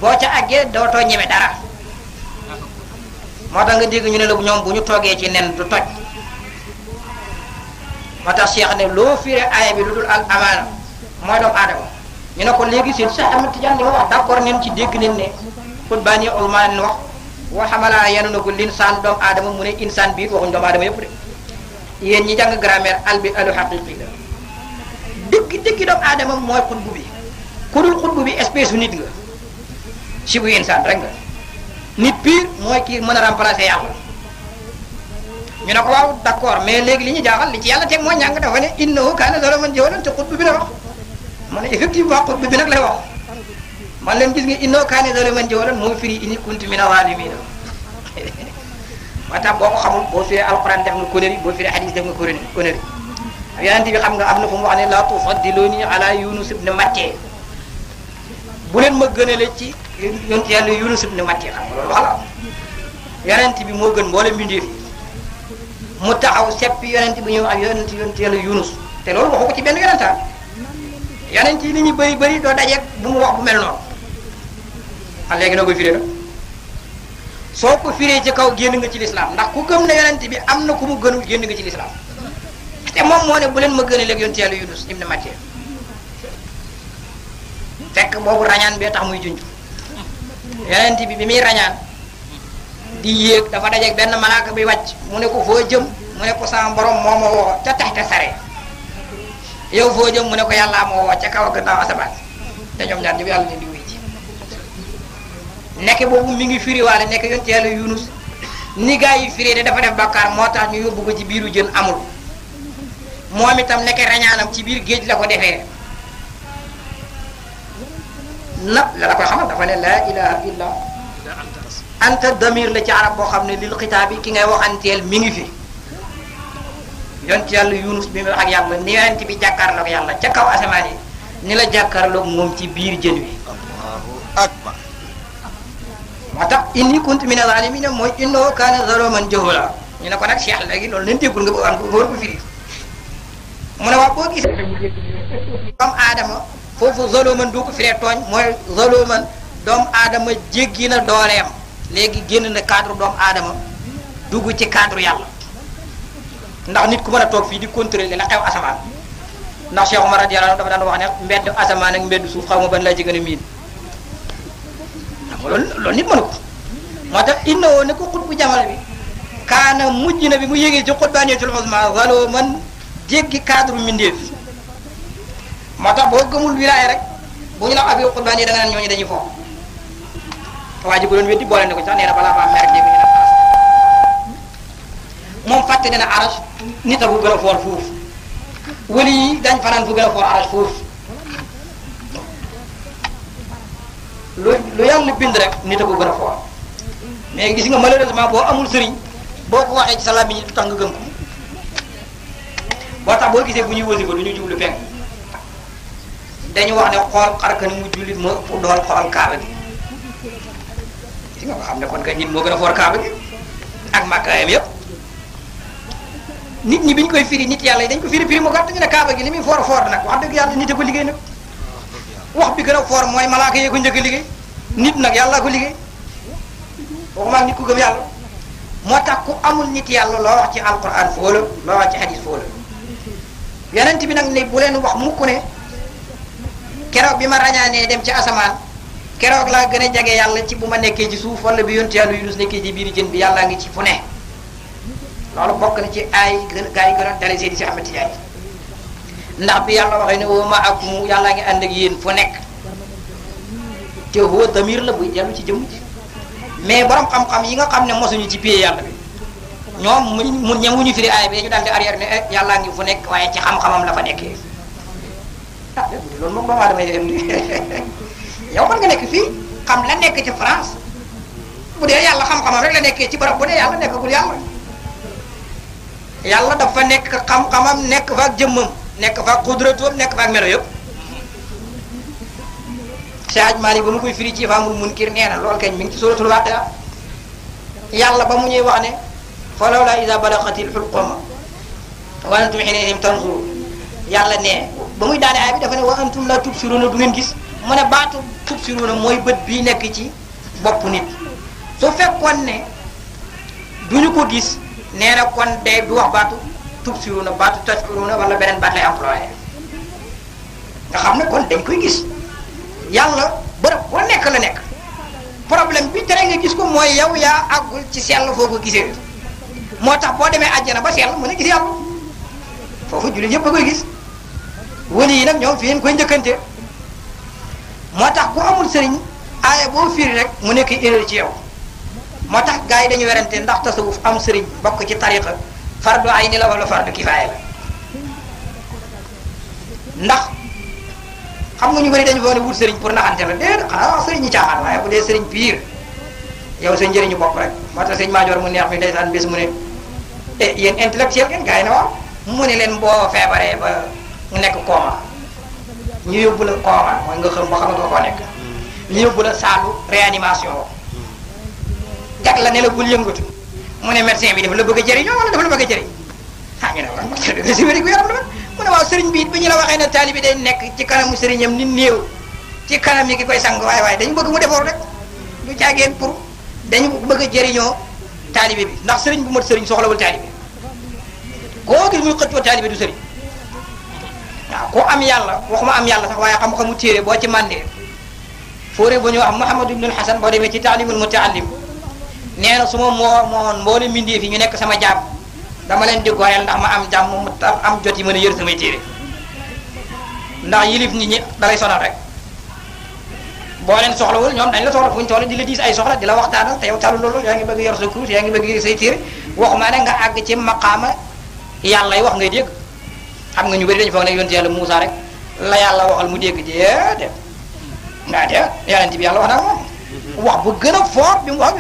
boo ca àggee dootoo ñeme dara moo tax nga dégg ñu ne la ñoom bu ñu toogee ci nen du toj moo tax Cheikh ne loo firé aaya bi lu dul ak amaana mooy doomu aadama ñu ne ko léegi seen Cheikh am Tidiane li nga wax d'accord neen ci dégg nañ ne xutbaan yi ulama nen wax wa xamalaa yanu na ko l'insaan doomu aadama mu ne insaan bii waxuñu doomu aadama yëpp yéen ñi jàng grammaire al bi alu xaqiqi la dëgg dëgg doomu aadama mooy xutbu bi ku dul xutbu bi espèce u nit la si bu insaan rek nga nit pire mooy kii mën a remplacer yàlla ñu ne ko waaw d'accord mais léegi li ñu jaaxal li ci yàlla teg mooy ñàng dafa ne innahu kaana zalaman jahuulan te xutbu bi la wax ma ne bi nag lay wax man leen gis nga innahu kaana zalaman jahuulan moo firi inni kuntu mina zaalimiin boo ko xamul boo firee alquran def nga connerie boo firee hadis def nga xam nga am na fu mu wax ne laa tufaddiluni ala yunus ibn matte bu leen ci yonent yàlla Yunus ibn Matiya xam nga loolu wax la yonent bi moo gën mboolem mbindeef yi mu taxaw seppi yonent bi ñëw ak yonent yonent yàlla Yunus te loolu waxu ko ci benn yonentaan ah. yonent yi li ñu bëri bëri doo dajeeg bu mu wax bu mel noonu ak ah, léegi noo koy firee nag soo ko firee ci kaw génn nga ci lislaam ndax ku gëm ne yonent bi am na ku mu gën génn nga ci lislaam te moom moo ne bu leen ma gën a léegi yonent yàlla Yunus ibn Matiya fekk boobu rañaan bee tax muy junj yonent bi bi muy rañaan di yéeg dafa dajeeg benn malaaka bi wàcc mu ne ko foo jëm mu ne ko sama borom moo ma woo ca mu ne ko yàllaa ma ca kaw gannaaw asamaan te ñoom boobu mi ngi firiwaale nekk yonent yàlla yunus ni gaa moo tax ñu yóbbu ko ci biiru jën amul moom itam nekk rañaanam ci biir géej la ko defee nag la la koy dafa ne laa ilaha illa anta damir la ci arab boo xam ne lil xitaab ki ngay waxanteel mi ngi fi yonent yàlla yunus bi mu wax ni yonent bi jàkkaarloog yàlla ca kaw asamaan yi ni la jàkkaarloog moom ci biir jën wi akbar moo tax inni kuntu mina zaalimiin mooy innoo kaana zaluuman jahuulaa ñu ne ko nag Cheikh léegi loolu leen déggul nga bëgg am nga war ko mu ne waa boo gisee comme aadama foofu zaluman man ko firee tooñ mooy man doomu aadama jéggi na dooleem léegi génn na cadre doomu aadama dugg ci cadre yàlla ndax nit ku mën a toog fii di contrôler la xew asamaan ndax ma Omar radiyallahu anhu dafa daan wax ne mbedd asamaan ak mbedd suuf xaw ma ban laa ci gën a miin xam nga loolu loolu nit mënu ko moo tax inna woon ne ko xut bu jamono bi kaana mujj na bi mu yégee ci xutbaan yee ci loxo ma zaluman jéggi cadre mbindeef moo tax boo gëmul wilaaya rek bu ñu la ab yow xutbaan yi da nga naan ñooñu dañuy foofu waa ji ko doon weddi boole na ko sax nee na a fu gën a gën a foor araj fuuf lu bind rek nit a ko gën a gis nga malheureusement boo amul sëriñ boo ko waxee ci sa làmmiñ du tax nga gëm ko boo boo gisee bu ñuy wasifa du ñu jublu penk dañu wax ne xool xarkan mu jullit moo ëpp xool kaaba gi ne kon ka nit moo gën a foor kaaba gi ak màkkaayam yëpp nit ñi bi ñu koy firi nit yàlla dañ ko firi firi mu gàtt ñu ne kaaba gi li muy foor foor nag yàlla nit a ko liggéey nag wax bi gën a foor mooy malaaka yee ko njëkk liggéey nit nag yàlla ko liggéey ko ak nit ku gëm yàlla moo tax ku amul nit yàlla loo wax ci alquran foo la loo wax ci hadis foo la yonent bi nag ne bu leen wax mukk ne keroog bi ma rañaanee dem ci asamaan keroog laa gën a jege yàlla ci bu ma nekkee ci suuf wala bi yonte yàlla Yunus nekkee ci biir jën bi yàlla ngi ci fu ne loolu bokk na ci ay gën gaa yi gën a dale seedi si Ahmad Tijaani yàlla waxee ne ma ak mu yàlla ngi ànd ak yéen fu nekk te huwa damir la buy dellu ci jëmm ji mais borom xam-xam yi nga xam ne mosuñu ci pie yàlla bi ñoom mu ñemuñu firi aay bi dañu daal di arrière ne eh, yàllaa ngi fu nekk waaye ci xam-xamam la fa nekkee ah déedéet loolu moom doomu aadama yi am yow mën nga nekk fii xam la nekk ci France bu dee yàlla xam-xamam rek la nekkee ci barab bu dee yàlla nekkagul yàlla yàlla dafa nekk xam-xamam nekk fa ak jëmmam nekk fa ak xudratoom nekk fa ak melo yëpp. Saaj Maalik ba mu koy firi ci Faamul Munkir nee na loolu kañ mi ngi ci suratul Waaqia yàlla ba mu ñuy wax ne falawlaa izaa balagatil hulquuma wa antum hiina'izin tanzuruun yàlla nee. ba muy daane aay bi dafa ne wa antum la tubsiruuna du ngeen gis mu ne baatu tubsiruuna mooy bët bii nekk ci bopp nit su fekkoon ne duñu ko gis nee na kon day du wax baatu tubsiruuna baatu tasiruna wala beneen baat lay employé nga xam ne kon dañ koy gis yàlla bërëb boo nekk la nekk problème bi tere nga gis ko mooy yow yaa àggul ci sell foo ko gisee moo tax boo demee àjjana ba sell mën a gis yàlla foofu jullit yëpp koy gis wali yi nag ñoom fii yéen koy njëkkante moo tax ku amul sëriñ aaya boo firi rek mu nekk erreur ci yow moo tax gars yi dañu werante ndax tasawuf am sëriñ bokk ci tariqa fardu ay ni la wala fardu kifaaya la ndax xam nga ñu bëri dañu foog ne wut sëriñ pour naxante la déedéet xanaa wax sëriñ ñi caaxaan waaye bu dee sëriñ piir yow sa njëriñu bopp rek moo tax sëñ maajoor mu neex mi ndeysaan bés mu ne eh, yéen intellectuel ngeen gars yi ne waaw mu ne leen boo feebaree mu nekk kooma ñu yóbbu la kooma mooy nga xam ba xamatoo koo nekk ñu yóbbu la saalu réanimation wo jag la ne la bul yëngatu mu ne médecin bi dafa la bëgg a jëriñoo wala dafa la bëgg a jëriñ ah ñu ne waaw bi sëriñ bi it ñu la waxee ne taalibi day nekk ci kanamu sëriñam ni néew ci kanam yi ki koy sang waaye waaye bëgg mu defoor rek du caageen pour dañu bëgg a jëriñoo taalibe bi ndax sëriñ bu mat sëriñ soxlawul taalibe koo gis muy xëccoo taalibe du sëriñ waaw ku am yàlla waxuma am yàlla sax waaye xam mu téere boo ci màndee fóore bu ñu wax Muhammad ibnul Hasan boo demee ci taalimul mutaallim nee na su ma moo mooon mboole mbindee fi ñu nekk sama jaam dama leen di goreel ndax ma am jàmm mu am jot yi mën a yër samay téere ndax yilif nit ñi da lay rek boo leen soxlawul ñoom dañ la soxla fu ñu toll di la diis ay soxla di la waxtaanal te yow talu loolu yaa ngi bëgg yor sa kurus yaa ngi bëgg say nga àgg ci maqaama yàlla wax ngay dégg am nga ñu bëri dañu foog ne yonent yàlla Moussa rek la yàlla waxal mu dégg déedéet ndaa de yonent bi yàlla wax na moom wax bu gën a fort bi mu wax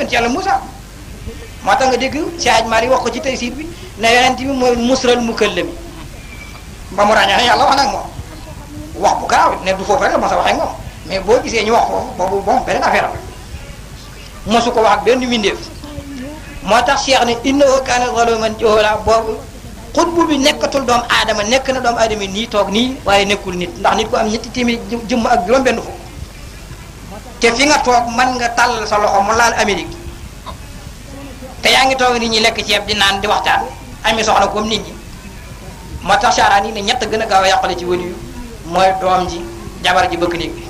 tax nga dégg si aj wax ko ci taysiir bi ne yonent bi wax bu gaaw ne du foofu rek la mos a waxee moom mais boo gisee ñu wax ko boobu bon beneen affaire la mosu ko wax benn mbindeef moo tax Cheikh ne innahu kaana zaluman jahuula boobu xutbu bi nekkatul doomu aadama nekk na doomu aadama nii toog nii waaye nekkul nit ndax nit ku am ñetti téeméer jëmm ak juróom-benn fukk te fi nga toog man nga tàll sa loxo mu laal Amérique te yaa ngi toog nit ñi lekk ceeb di naan di waxtaan ami soxna comme nit ñi ma tax saaraan yi ne ñett gën a gaaw a yàqale ci wëliyu mooy doom ji jabar ji bëkk néeg bi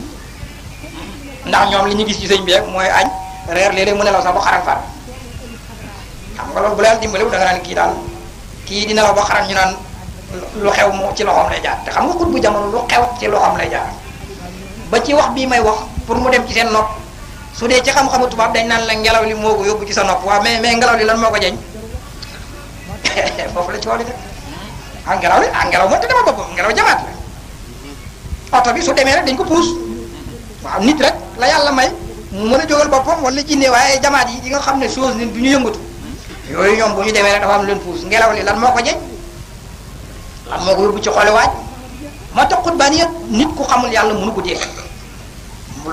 ndax ñoom li ñu gis ci sëñ bi mooy añ reer léeg-léeg mu nelaw sax bu xaram far xam nga loolu bu la yàlla dimbalewul da nga kii daal kii dina la ba xaram ñu naan lu xew mu ci loxoom lay jaar te xam nga xut bu jamono lu xew ci loxoom lay jaar ba ci wax bii may wax pour mu dem ci seen nopp su dee ci xam-xamu tubaab dañ naan la ngelaw li moo ko yóbbu ci sa nopp waaw mais mais ngelaw li lan moo ko jeñ foofu la ci wax de ah ngelaw li ah ngelaw moo te dama ngelaw jamaat la oto bi su demee rek dañ ko puus waaw nit rek la yàlla may mu mën a jógal boppam wala jinne waaye jamaat yi di nga xam ne chose nit ñu yëngatu yooyu ñoom bu ñu demee rek dafa am leen puus ngelaw li lan moo ko jeñ lan moo ko yóbbu ci xole waaj ma tax xutbaan yëpp nit ku xamul yàlla mënu ko dégg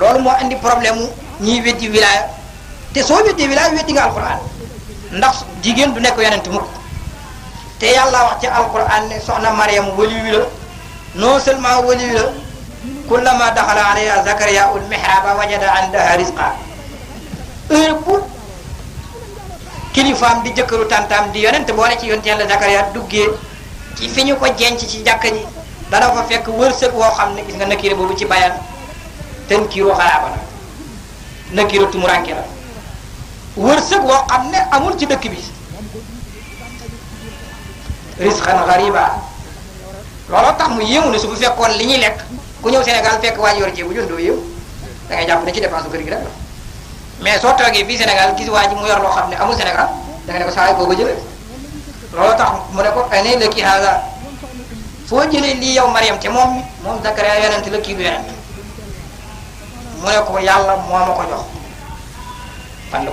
loolu moo indi problème mu ñiy weddi wilaaya te soo weddee wilaaya weddi nga alquran ndax jigéen du nekk yonent mukk te yàlla wax ci alquran soxna Mariam waliyu la non seulement waliyu la kullama daxala alayha zakariya ul mihraba wajada andaha rizqa heure bu kilifaam di jëkkëru tàntaam di yonent boole ci yonent yàlla Zakariya duggee ci fi ñu ko jenc ci jàkka ji dana fa fekk wërsëg woo xam ne gis nga nakira boobu ci bayan ten kiiroo xaraaba la nakira la wërsëg woo xam ne amul ci dëkk bi risqan gariba looloo tax mu yéemu ne su bu fekkoon li ñuy lekk ku ñëw Sénégal fekk waa yor jee bu jëndoo yéew da ngay jàpp ci dépense kër gi rek mais soo toogee fii Sénégal gis waa ji mu yor loo xam ne amul Sénégal da nga ko saa yi koo ko loolu tax mu ne ko année eh, la kii haasa foo jëlee lii yow Mariam te moom moom Zakaria yonent la kii du yonent mu ne ko yàlla moo ma ko jox fan la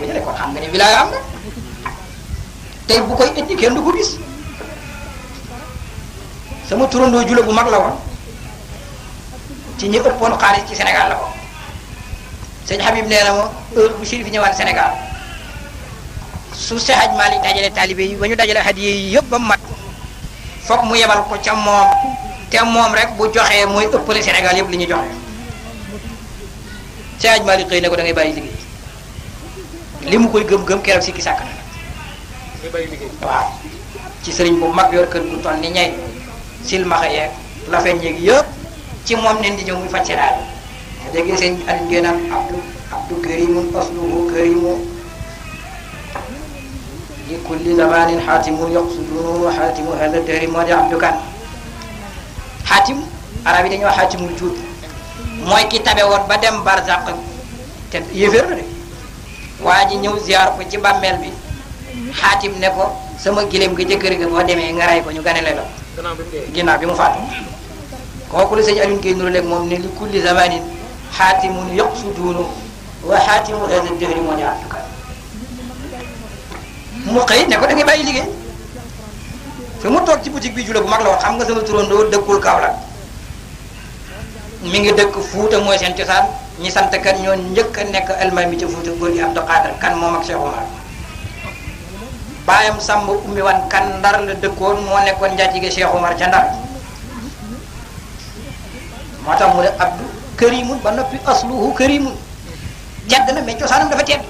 ko jëlee bu turandoo jula bu mag la woon ci a ëppoon xaalis ci Sénégal la ko. sëñ Habib nee na ma heure bu Chérif ñëwaat Sénégal su Seex Aj Maalik dajale taalibe yi ba ñu dajalee hadiya yi yëpp ba mu mat foog mu yebal ko ca moom te moom rek bu joxee mooy ëppale Sénégal yëpp li ñu joxe Seex Aj Maalik xëy na ko da ngay bàyyi liggéey li gëm-gëm keroog sikki sàkk na waaw ci sëriñ bu mag yor kër gu toll ni ñay silmaxa yeeg lafeñ yeeg yëpp ci moom nen di ñëw muy faj Sénégal jege sëñ Aliou ngeen am Abdou Abdou Karimun asluhu Karimu li kulli zamanin xaatimun yaqsuduhu xaatimu hada dahri moo di am Kan xaatim arab yi dañuy wax xaatimul juud mooy ki tabe woon ba dem barzaq te yéeféer na de ji ñëw ziar ko ci bàmmeel bi xaatim ne ko sama gileem gi jëkkër ga boo demee nga ko ñu ganale la ginnaaw bi mu faatu kooku la sëñ Aliou Guèye nuru léegi moom ne li kulli zamanin xaatimun yaqsuduunu wa xaatimu hada dëhri moo ne abduka mu xëy ne ko da ngay bàyyi liggéey fi mu toog ci boutique bi jula bu mag la woon xam nga sama turandoo dëkkul Kaolack mi ngi dëkk Fuuta mooy seen cosaan ñi sant kan ñoo njëkk a nekk almaami ca Fuuta góor gi Abdu Xaadir kan moom ak Cheikh Omar baayam ummi wan kan ndar la dëkkoon moo nekkoon njaatige Cheikh Omar ca ndar moo tax mu ne Abdou kërimun ba noppi asluhu kërimun jagg na mais cosaanam dafa tedd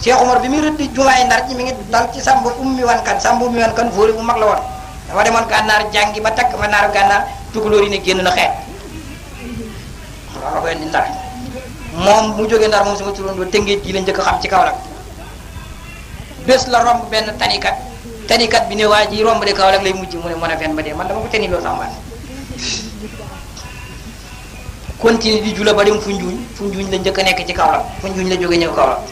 Cheikh Omar bi muy rëdd jumaay ndar ji mi ngi dal ci sàmb ummi wan kan sàmb ummi wan kan fóore bu mag la woon dafa demoon gànnaar jàngi ba takk ba naaru gànnaar tukulóor yi ne génn na xeet waaw ko indi ndar moom mu jógee ndar moom sama turandoo tëngeej gi la njëkk xam ci Kaolack bés la romb benn tanikat tanikat bi ne waa ji romb de Kaolack lay mujj mu ne mën a fen ba dee man dama ko teni loo continuer di jula ba dem Foundiougne Foundiougne la njëkk nekk ci Kaolack Foundiougne la jóge ñëw Kaolack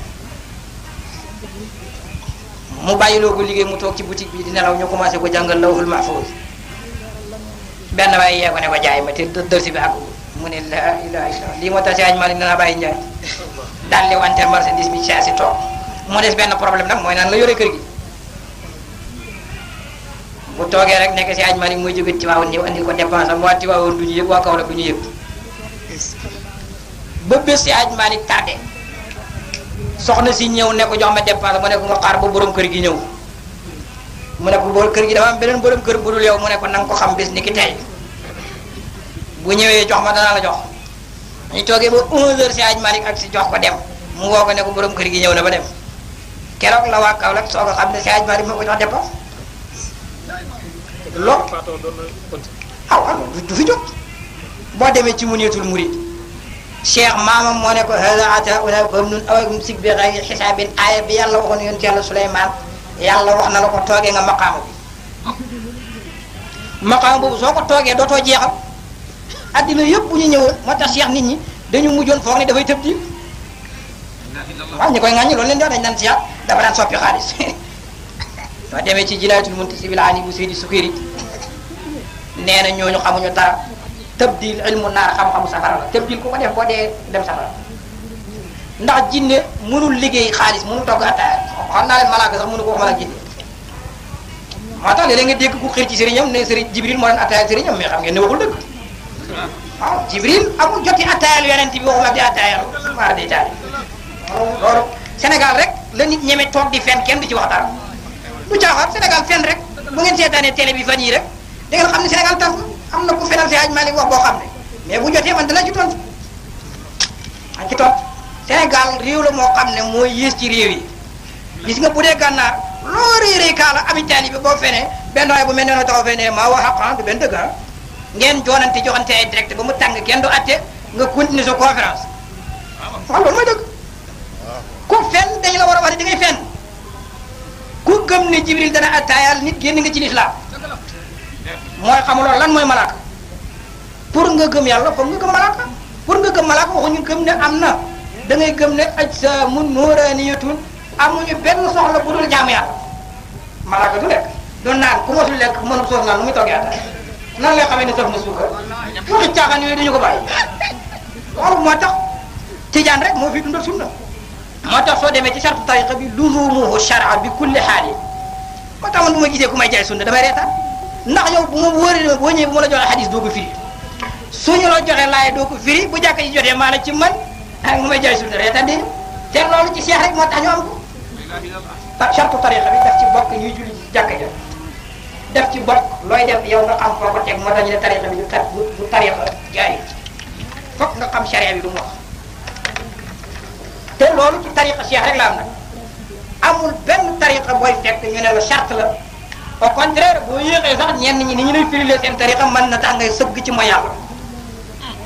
mu bàyyiloo ko liggéey mu toog ci boutique bi di nelaw ñu commencé ko jàngal lawhul mahfuz benn waaye yee ko ne jaay ma te dërsi bi àggul la ilaha illallah lii moo tax si bàyyi njaay daal di wanteer si toog mu des nag mooy naan la yore kër gi bu toogee rek nekk si ajmaa li mooy jóge ci waawoon ñëw andil ko dépense am waa ci waawoon du ñu yëpp ba bés si aj Malick tardé soxna si ñëw ne ko jox ma dépense mu ne ko nga xaar ba borom kër gi ñëw mu nekku ko kër gi dafa am beneen borom kër bu dul yow ko nga ko xam bis ni ki tey bu ñëwee jox ma danaa la jox ñu toogee ba 11h si aj Malick ak si jox ko dem mu woo ko ne ko kër gi ñëw na ba dem keroog la waa Kaolack soo ko xam ne si aj Malick moo ko jox dépense loolu aw aw ah, ah, du fi jot boo demee ci mu neetul murid cheikh maamam moo ne ko hada ata una bam nun awagum sig bi xay xisaabin aaya bi yàlla waxoon yonent yàlla Suleymaan yàlla wax na la ko toogee nga maqaamu bi maqaamu boobu soo ko toogee dootoo jeexal addina yëpp bu ñu ñëwoon moo tax cheikh nit ñi dañu mujjoon foog ne dafay tëb ji waaw ñi koy ŋàññi loolu leen di wax dañ daan cheikh dafa daan soppi xaalis soo demee ci jinaayatul muntasib al ani bu Seydi Sukiri nee na ñooñu xamuñu dara tabdil ilmu naar xam-xamu safara la tabdil ku ko def boo dee dem safara ndax jinne mënul liggéey xaalis mënul togg attaaya xam naa leen malaaka sax mënu ko wax mala jinne moo nga dégg ku xër ci sëriñam ne ngeen ne waxul dëgg waaw jibril amul joti attaayal yonent bi waxuma di attaayal maa day taal Sénégal rek la nit ñeme toog di fen kenn du ci waxtaan lu caaxaan Sénégal fen rek bu ngeen seetaanee télé bi fan yii rek da ngeen xam ne Sénégal tas am na ku financé aj Malick wax boo xam ne mais bu jotee man dana ci tontu ak ci tontu Sénégal réew la moo xam ne mooy yées ci réew yi gis nga bu dee gànnaar loo rëy rëy kaala ami taalibe boo fenee benn waaye bu mel noonu taxaw fenee maa wax xaqan du benn dëgg ah. ngeen joonante joxante ay direct ba mu tàng kenn du atte nga continuer sa conférence waaw loolu mooy dëgg ku fenn dañ la war a wax ne da ngay fenn ku gëm ne Jibril dana attaayal nit génn nga ci lislaam mooy xamuloo lan mooy malaaka pour nga gëm yàlla foog nga gëm malaaka pour nga gëm malaaka waxuñu gëm ne am na da ngay gëm ne aj sa mun nuuraaniyatun amuñu benn soxla bu dul jaamu yàlla malaaka du lekk doon naan ku mosul lekk mënu soof naan nu muy toggee attaque nan lay xamee ne soof na suukar waxi caaxaan yooyu dañu ko bàyyi loolu moo tax tijaan rek moo fi dundal sunna moo tax soo demee ci sartu tariqa bi luzumuhu shar'a bi kulli xaal yi moo tax man bu ma gisee ku may jaay sunna damay reetaan ndax yow bu ma wóoree ma boo ñëwee bu ma la joxee xadis doo ko firi suñu la joxee laay doo ko firi bu jàkk yi jotee maa la ci man ah nga may jaay suñu dara yàlla te loolu ci seex rek moo tax ñu am ko. ah charte tariqa bi daf ci bokk ñuy julli jàkk ja daf ci bokk looy def yow nga am foo ko teg moo tax ñu ne tariqa bi du tar du tariqa jaay fokk nga xam charia bi du mu wax te loolu ci tariqa seex rek la am nag amul benn tariqa booy fekk ñu ne la charte la. au boo yéexee sax ñenn ñi ni ñu lay firile seen tariqa mën na tax ngay sëgg ci mooy yàlla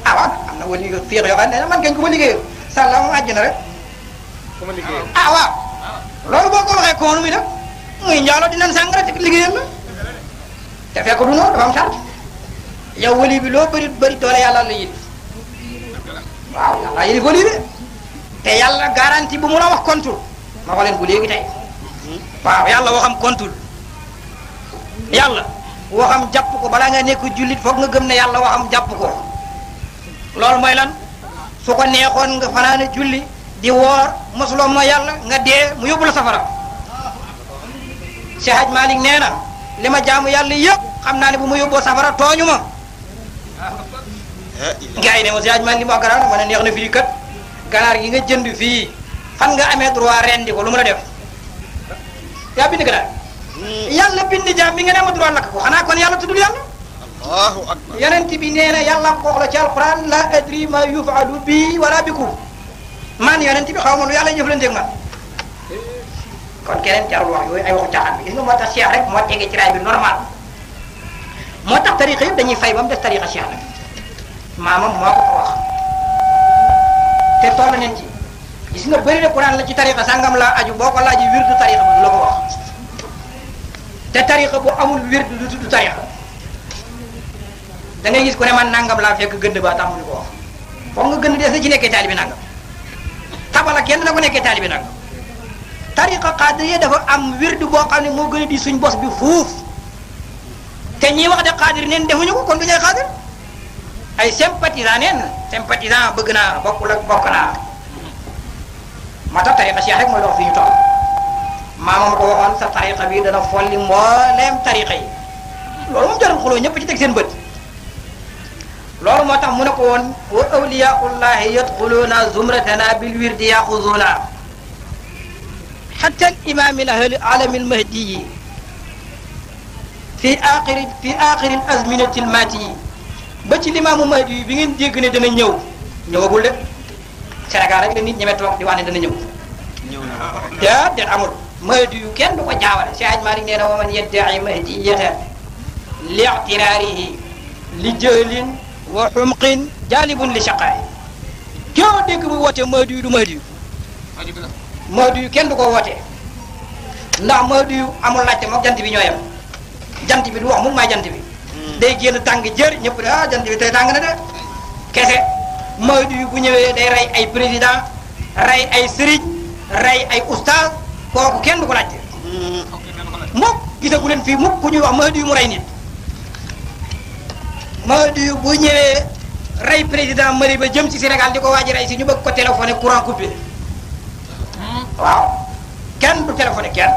ah am na wali yu fiix yoo xam man kañ ku ma liggéeyal sàlla moom àjjana rek ku ma liggéeyal ah waaw loolu boo ko waxee koonu mi nag muy njaaloo dinañ sàngara te liggéeyam la te fekk du noonu dafa am sart yow wali bi loo bëri bëri doole yàlla la yit waaw yàlla yit wali de te yàlla garantie bu mu la wax kontul ma ko leen bu léegi tey hmm? waaw yàlla waxam kontul yàlla waxam jàpp ko balaa nga nekk jullit foog nga gëm na yàlla waxam jàpp ko loolu mooy lan su neexoon nga fanaane julli di woor mosuloo mooy yàlla nga dee mu yóbbu la safara Cheikh Hadj Malick nee na li ma jaamu yàlla yëpp xam naa ne bu ma yóbboo safara tooñu ma gars yi ne ma Cheikh Hadj Malick li mu wax garaaw ma neex na fii kat ganaar gi nga jënd fii fan nga amee droit rendi ko lu mu la def yaa bind ganaar yàlla bind jaam bi nga ne ma droit lakk ko xanaa kon yàlla tuddul yàlla. allahu akbar yonent bi nee na yàlla am ci alquran la adri ma yufalu bi wala bikum man yonent bi xaw ma nu yàlla jëflanteeg man. kon keneen jarul wax yooyu ay waxu caaxaan bi gis nga moo tax cheikh rek moo tege ci raay bi normal moo tax dañuy fay ba mu des tariqa cheikh nag maamam moo te toll nañ ci gis nga bëri na Quran la ci tariqa sangam laa aju boo ko laajee wirdu tariqa bi la ko wax. te tarixa bu amul wird du tarixa da gis ku ne man nangam laa fekk gënd ba tax mu ko nga gënd des na ci nekkee taalibi nangam tabala kenn na ko nekkee taalibi nangam tarixa xaadiriya dafa am wird boo xam ne moo gën a suñ bos bi fuuf te ñiy wax de xaadir neen ñu ko kon du ñuy xaadir ay sympathisant neen sympathisant bëgg naa bokkul ak bokk naa moo tax tarixa Cheikh rek mooy dox fi ñu toog maamam ko waxoon sa tariqa bi dana folli mbooleem tariqa yi loolu moom jarul xuloo ñëpp ci teg seen bët loolu moo tax mu ne ko woon wa awliyaullahi yadxuluuna zumratana bil wirdi yaxuzuuna xatta al imaami al alami al mahdi yi fi aaxiri fi aaxiri al azminati al maati yi ba ci limaamu mahdi bi ngeen dégg ne dana ñëw ñëwagul de Sénégal rek la nit ñeme toog di wax dana ñëw. ñëw na amul. mahdi yu kenn du ko jaawale Cheikh Hadj Malick nee na wa man yadda'i mahdiyata li'tiraarihi li jahlin wa xumqin jaalibun li shaqaa'i koo dégg mu woote mahdi yu du mahdi yu mahdi yu kenn du ko wootee ndax mahdi yu amul laajte moom jant bi ñoo yem jant bi du wax mun maay jant bi hmm. day génn tàng jër ñëpp de ah jant bi tey tàng na de kese mahdi bu ñëwee day rey ay président rey ay sëriñ rey ay ustaas kooku kenn du ko laajte. mukk gisagu leen fii mukk ku ñuy wax Mahdi mu rey nit Mahdi bu ñëwee rey président Mali ba jëm ci Sénégal di ko waaj rey si ñu bëgg ko téléphoné courant coupé waaw kenn du téléphoné kenn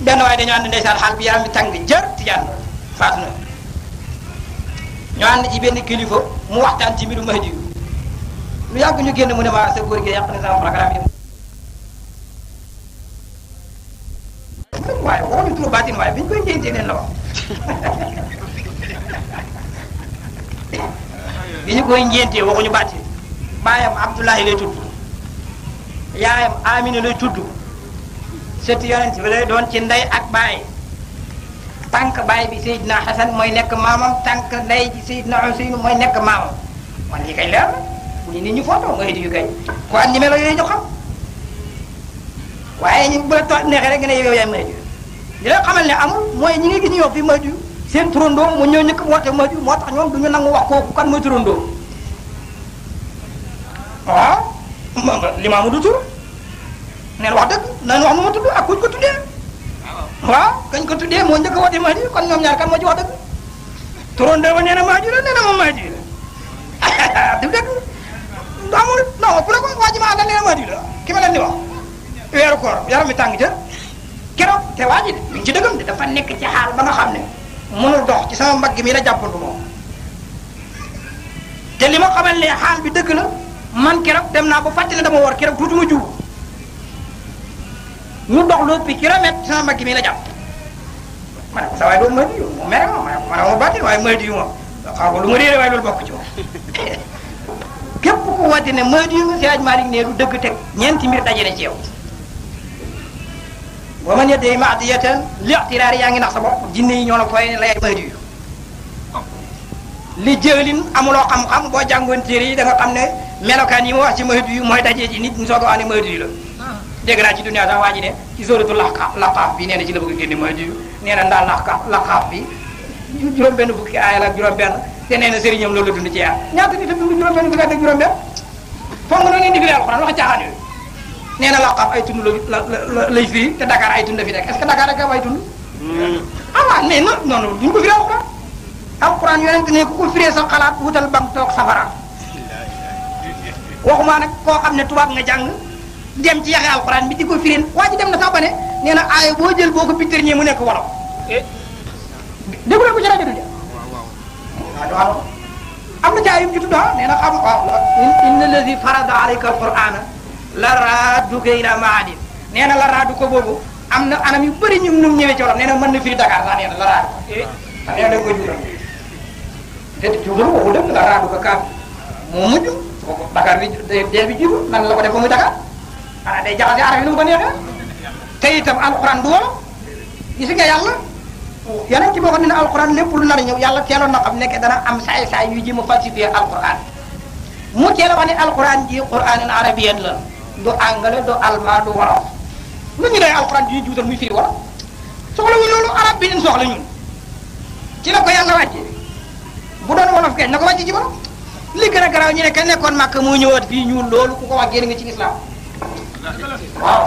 benn waaye dañoo ànd ndeysaan xaal bi yaram bi tàng jër tijaan faatu na ñu ànd ci benn kilifa mu waxtaan ci mbiru Mahdi lu yàgg ñu génn mu ne ma sa góor gi yàq na sama waaye waxuñu turu baatin waaye biñ koy ngéntee leen la wax bi ñu koy ngéntee waxuñu baatin baayam Abdoulahi lay tudd yaayam Amina lay tudd sëtu yonent bi lay doon ci ak baay tànk baay bi Seydina Xasan mooy nekk maamam tànk ndey ji Seydina Xuseyn mooy nekk maamam man li leer na ñu ñu footoo nga xëy ko am ni ñu xam waaye ñu bu la too neexee ne yow yaay mën li lay xamal ne amul mooy ñi nga gis ñu wax fi Mahdi seen turandoo mu ñëw ñëkk woote moo tax ñoom du ñu nangu wax kooku kan mooy turandoo waaw ah limaamu du tur neen wax dëgg nañ wax nu ma tudd ak kuñ ko tuddee waaw ko tuddee moo njëkk a woote Mahdi kon ñoom ñaar kan moo ci wax dëgg turandoo ba nee la nee na ma Mahdi la du dëgg amul non ëpp la ko waa ma àndal nee na Mahdi la ki ma leen di wax weeru koor yaram mi tàng jër keroog te waa ji ci dëggam de dafa nekk ci xaal ba nga xam ne mënul dox ci sama mbagg mii la jàppandu moom te li ma xamal ne xaal bi dëgg la man keroog dem naa ba fàttali dama war keroog tuuti ma juum ñu dox loppi kilomètre sama mbagg mi la jàpp ma ne sa waay doo maydi yow mu mere ma ma ne ko ma ne ko ma bàtti waaye maydi yu ma xaw ma lu ma réere waaye loolu bokk ci moom képp ku woote ne yu si aj Malick ne du dëgg teg ñeenti mbir daje na ci yow wa man yedee mahdiyatan li'tiraar yaa ngi nax sa bopp jinne yi ñoo la koy layal ma diyu li jëlin amuloo xam-xam boo jàngoon téere yi da nga ne melokaan yi mu wax ci ma yu mooy dajee ci nit mu soog a wax la dégg naa ci dunia a waa ji ne ci sóoratu laqaaf laqaaf bi nee na ci la bëgg a génne mahdi yu nee na ndaal laqaaf laqaaf bi juróom benn fukki aaya la juróom benn te nee na sëriñam yaa ñaata nit a dund benn fukki ak juróom benn foog nga noonu indi fi alxuraan nee na Laqab ay tund la la lay fii te Dakar ay tund la fi nekk est-ce que Dakar ak ay tund. Hmm. ah waaw mais non non duñ ko firee alquran. alquran yonent ne ku ko firee sa xalaat wutal bam toog safara. waxuma nag koo xam ne tubaab nga jàng dem ci yaxe alquran bi di ko fireen waa dem na sax ba ne nee na aaya boo jël boo ko pittir ñee mu nekk wolof. Eh. déglu ko ci rajo bi am na jaay yu mu ci tudd ah nee na xam waaw. inna allazi la raaduka ila maadin nee na la raaduka boobu am anam yu bëri ñu num ñëwee ci wolof nee na mën na firi Dakar sax nee na la raaduka eh? a ah, nee na da dem la raaduka kaaf moo mujj ko Dakar dee bi jibu nan ko def ba muy day jaxase arab yi nu mu ko du wolof gis nga yàlla yeneen ci boo xam ne alxuraan lépp lu nar a ñëw yàlla teeloon na xam nekk dana am saay saay yu ji mu falsifié alxuraan mu teel a wax ne alxuraan ji quraanin arabiyyan la du anglais du allemand du wolof lu ñu lay alxuraan yi juutal muy firi wolof soxla wuñ arab bi ñu soxla ñun ci la ko yàlla wàcce bu doon wolof kay na ko wàcce ci wolof li gën a ñu ne ka nekkoon màkk moo ñëwaat fii ñuul loolu ku ko ci lislaam waaw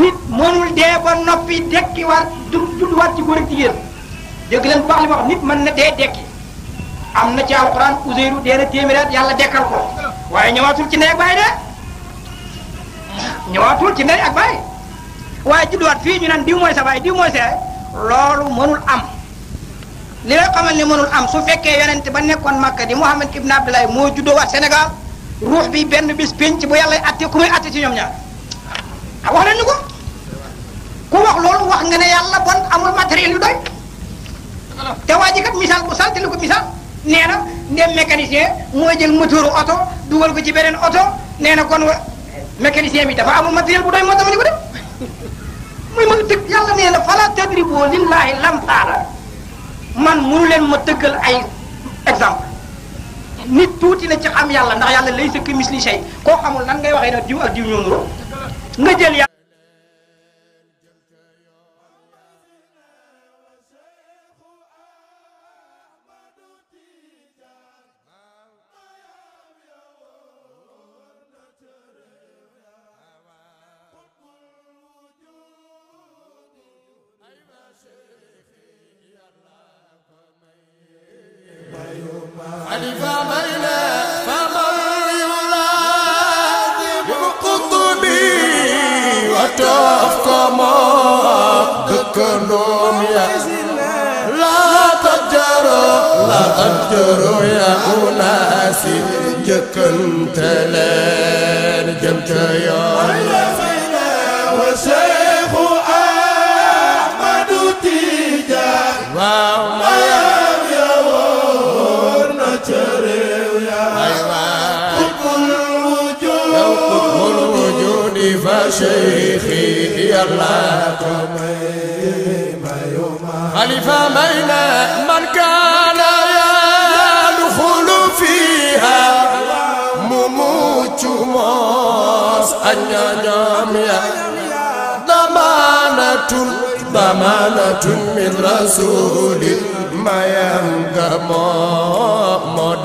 nit mënul dee ba noppi dekkiwaat judduwaat ci góor ak jigéen dégg leen baax li ma nit mën na dee dekki am na ci alxuraan Uzeyru dee na téeméeraat yàlla dekkal ko waaye ñëwaatul ci neeg baay de ñëwaatul ci ndey ak baay waaye judduwaat fii ñu naan diw mooy sa baay diw mooy sa yaay loolu mënul am li lay xamal ni mënul am su fekkee yonent ba nekkoon Makka di Muhammad ibn Abdullahi moo juddoowaat Sénégal ruux bi benn bis pénc bu yàlla atte ku muy atte ci ñoom ñaar a ah, wax leen ñu ko ku wax loolu wax nga ne yàlla bon amul matériel yu doy te waa ji kat misaal bu saltali ko misaal nee na ndem mécanicien moo jël moteur oto dugal ko ci beneen oto nee na kon mécanicien bi dafa amul matériel bu doy moo dama ni ko de muy ma tëgg yàlla nee na fala tadribu lillahi lamsaara man munu leen ma tëggal ay exemple nit tuuti na ci xam yàlla ndax yàlla lay sa misli shay koo xamul nan ngay waxee na diw ak diw ñoo nuroo nga jël yàlla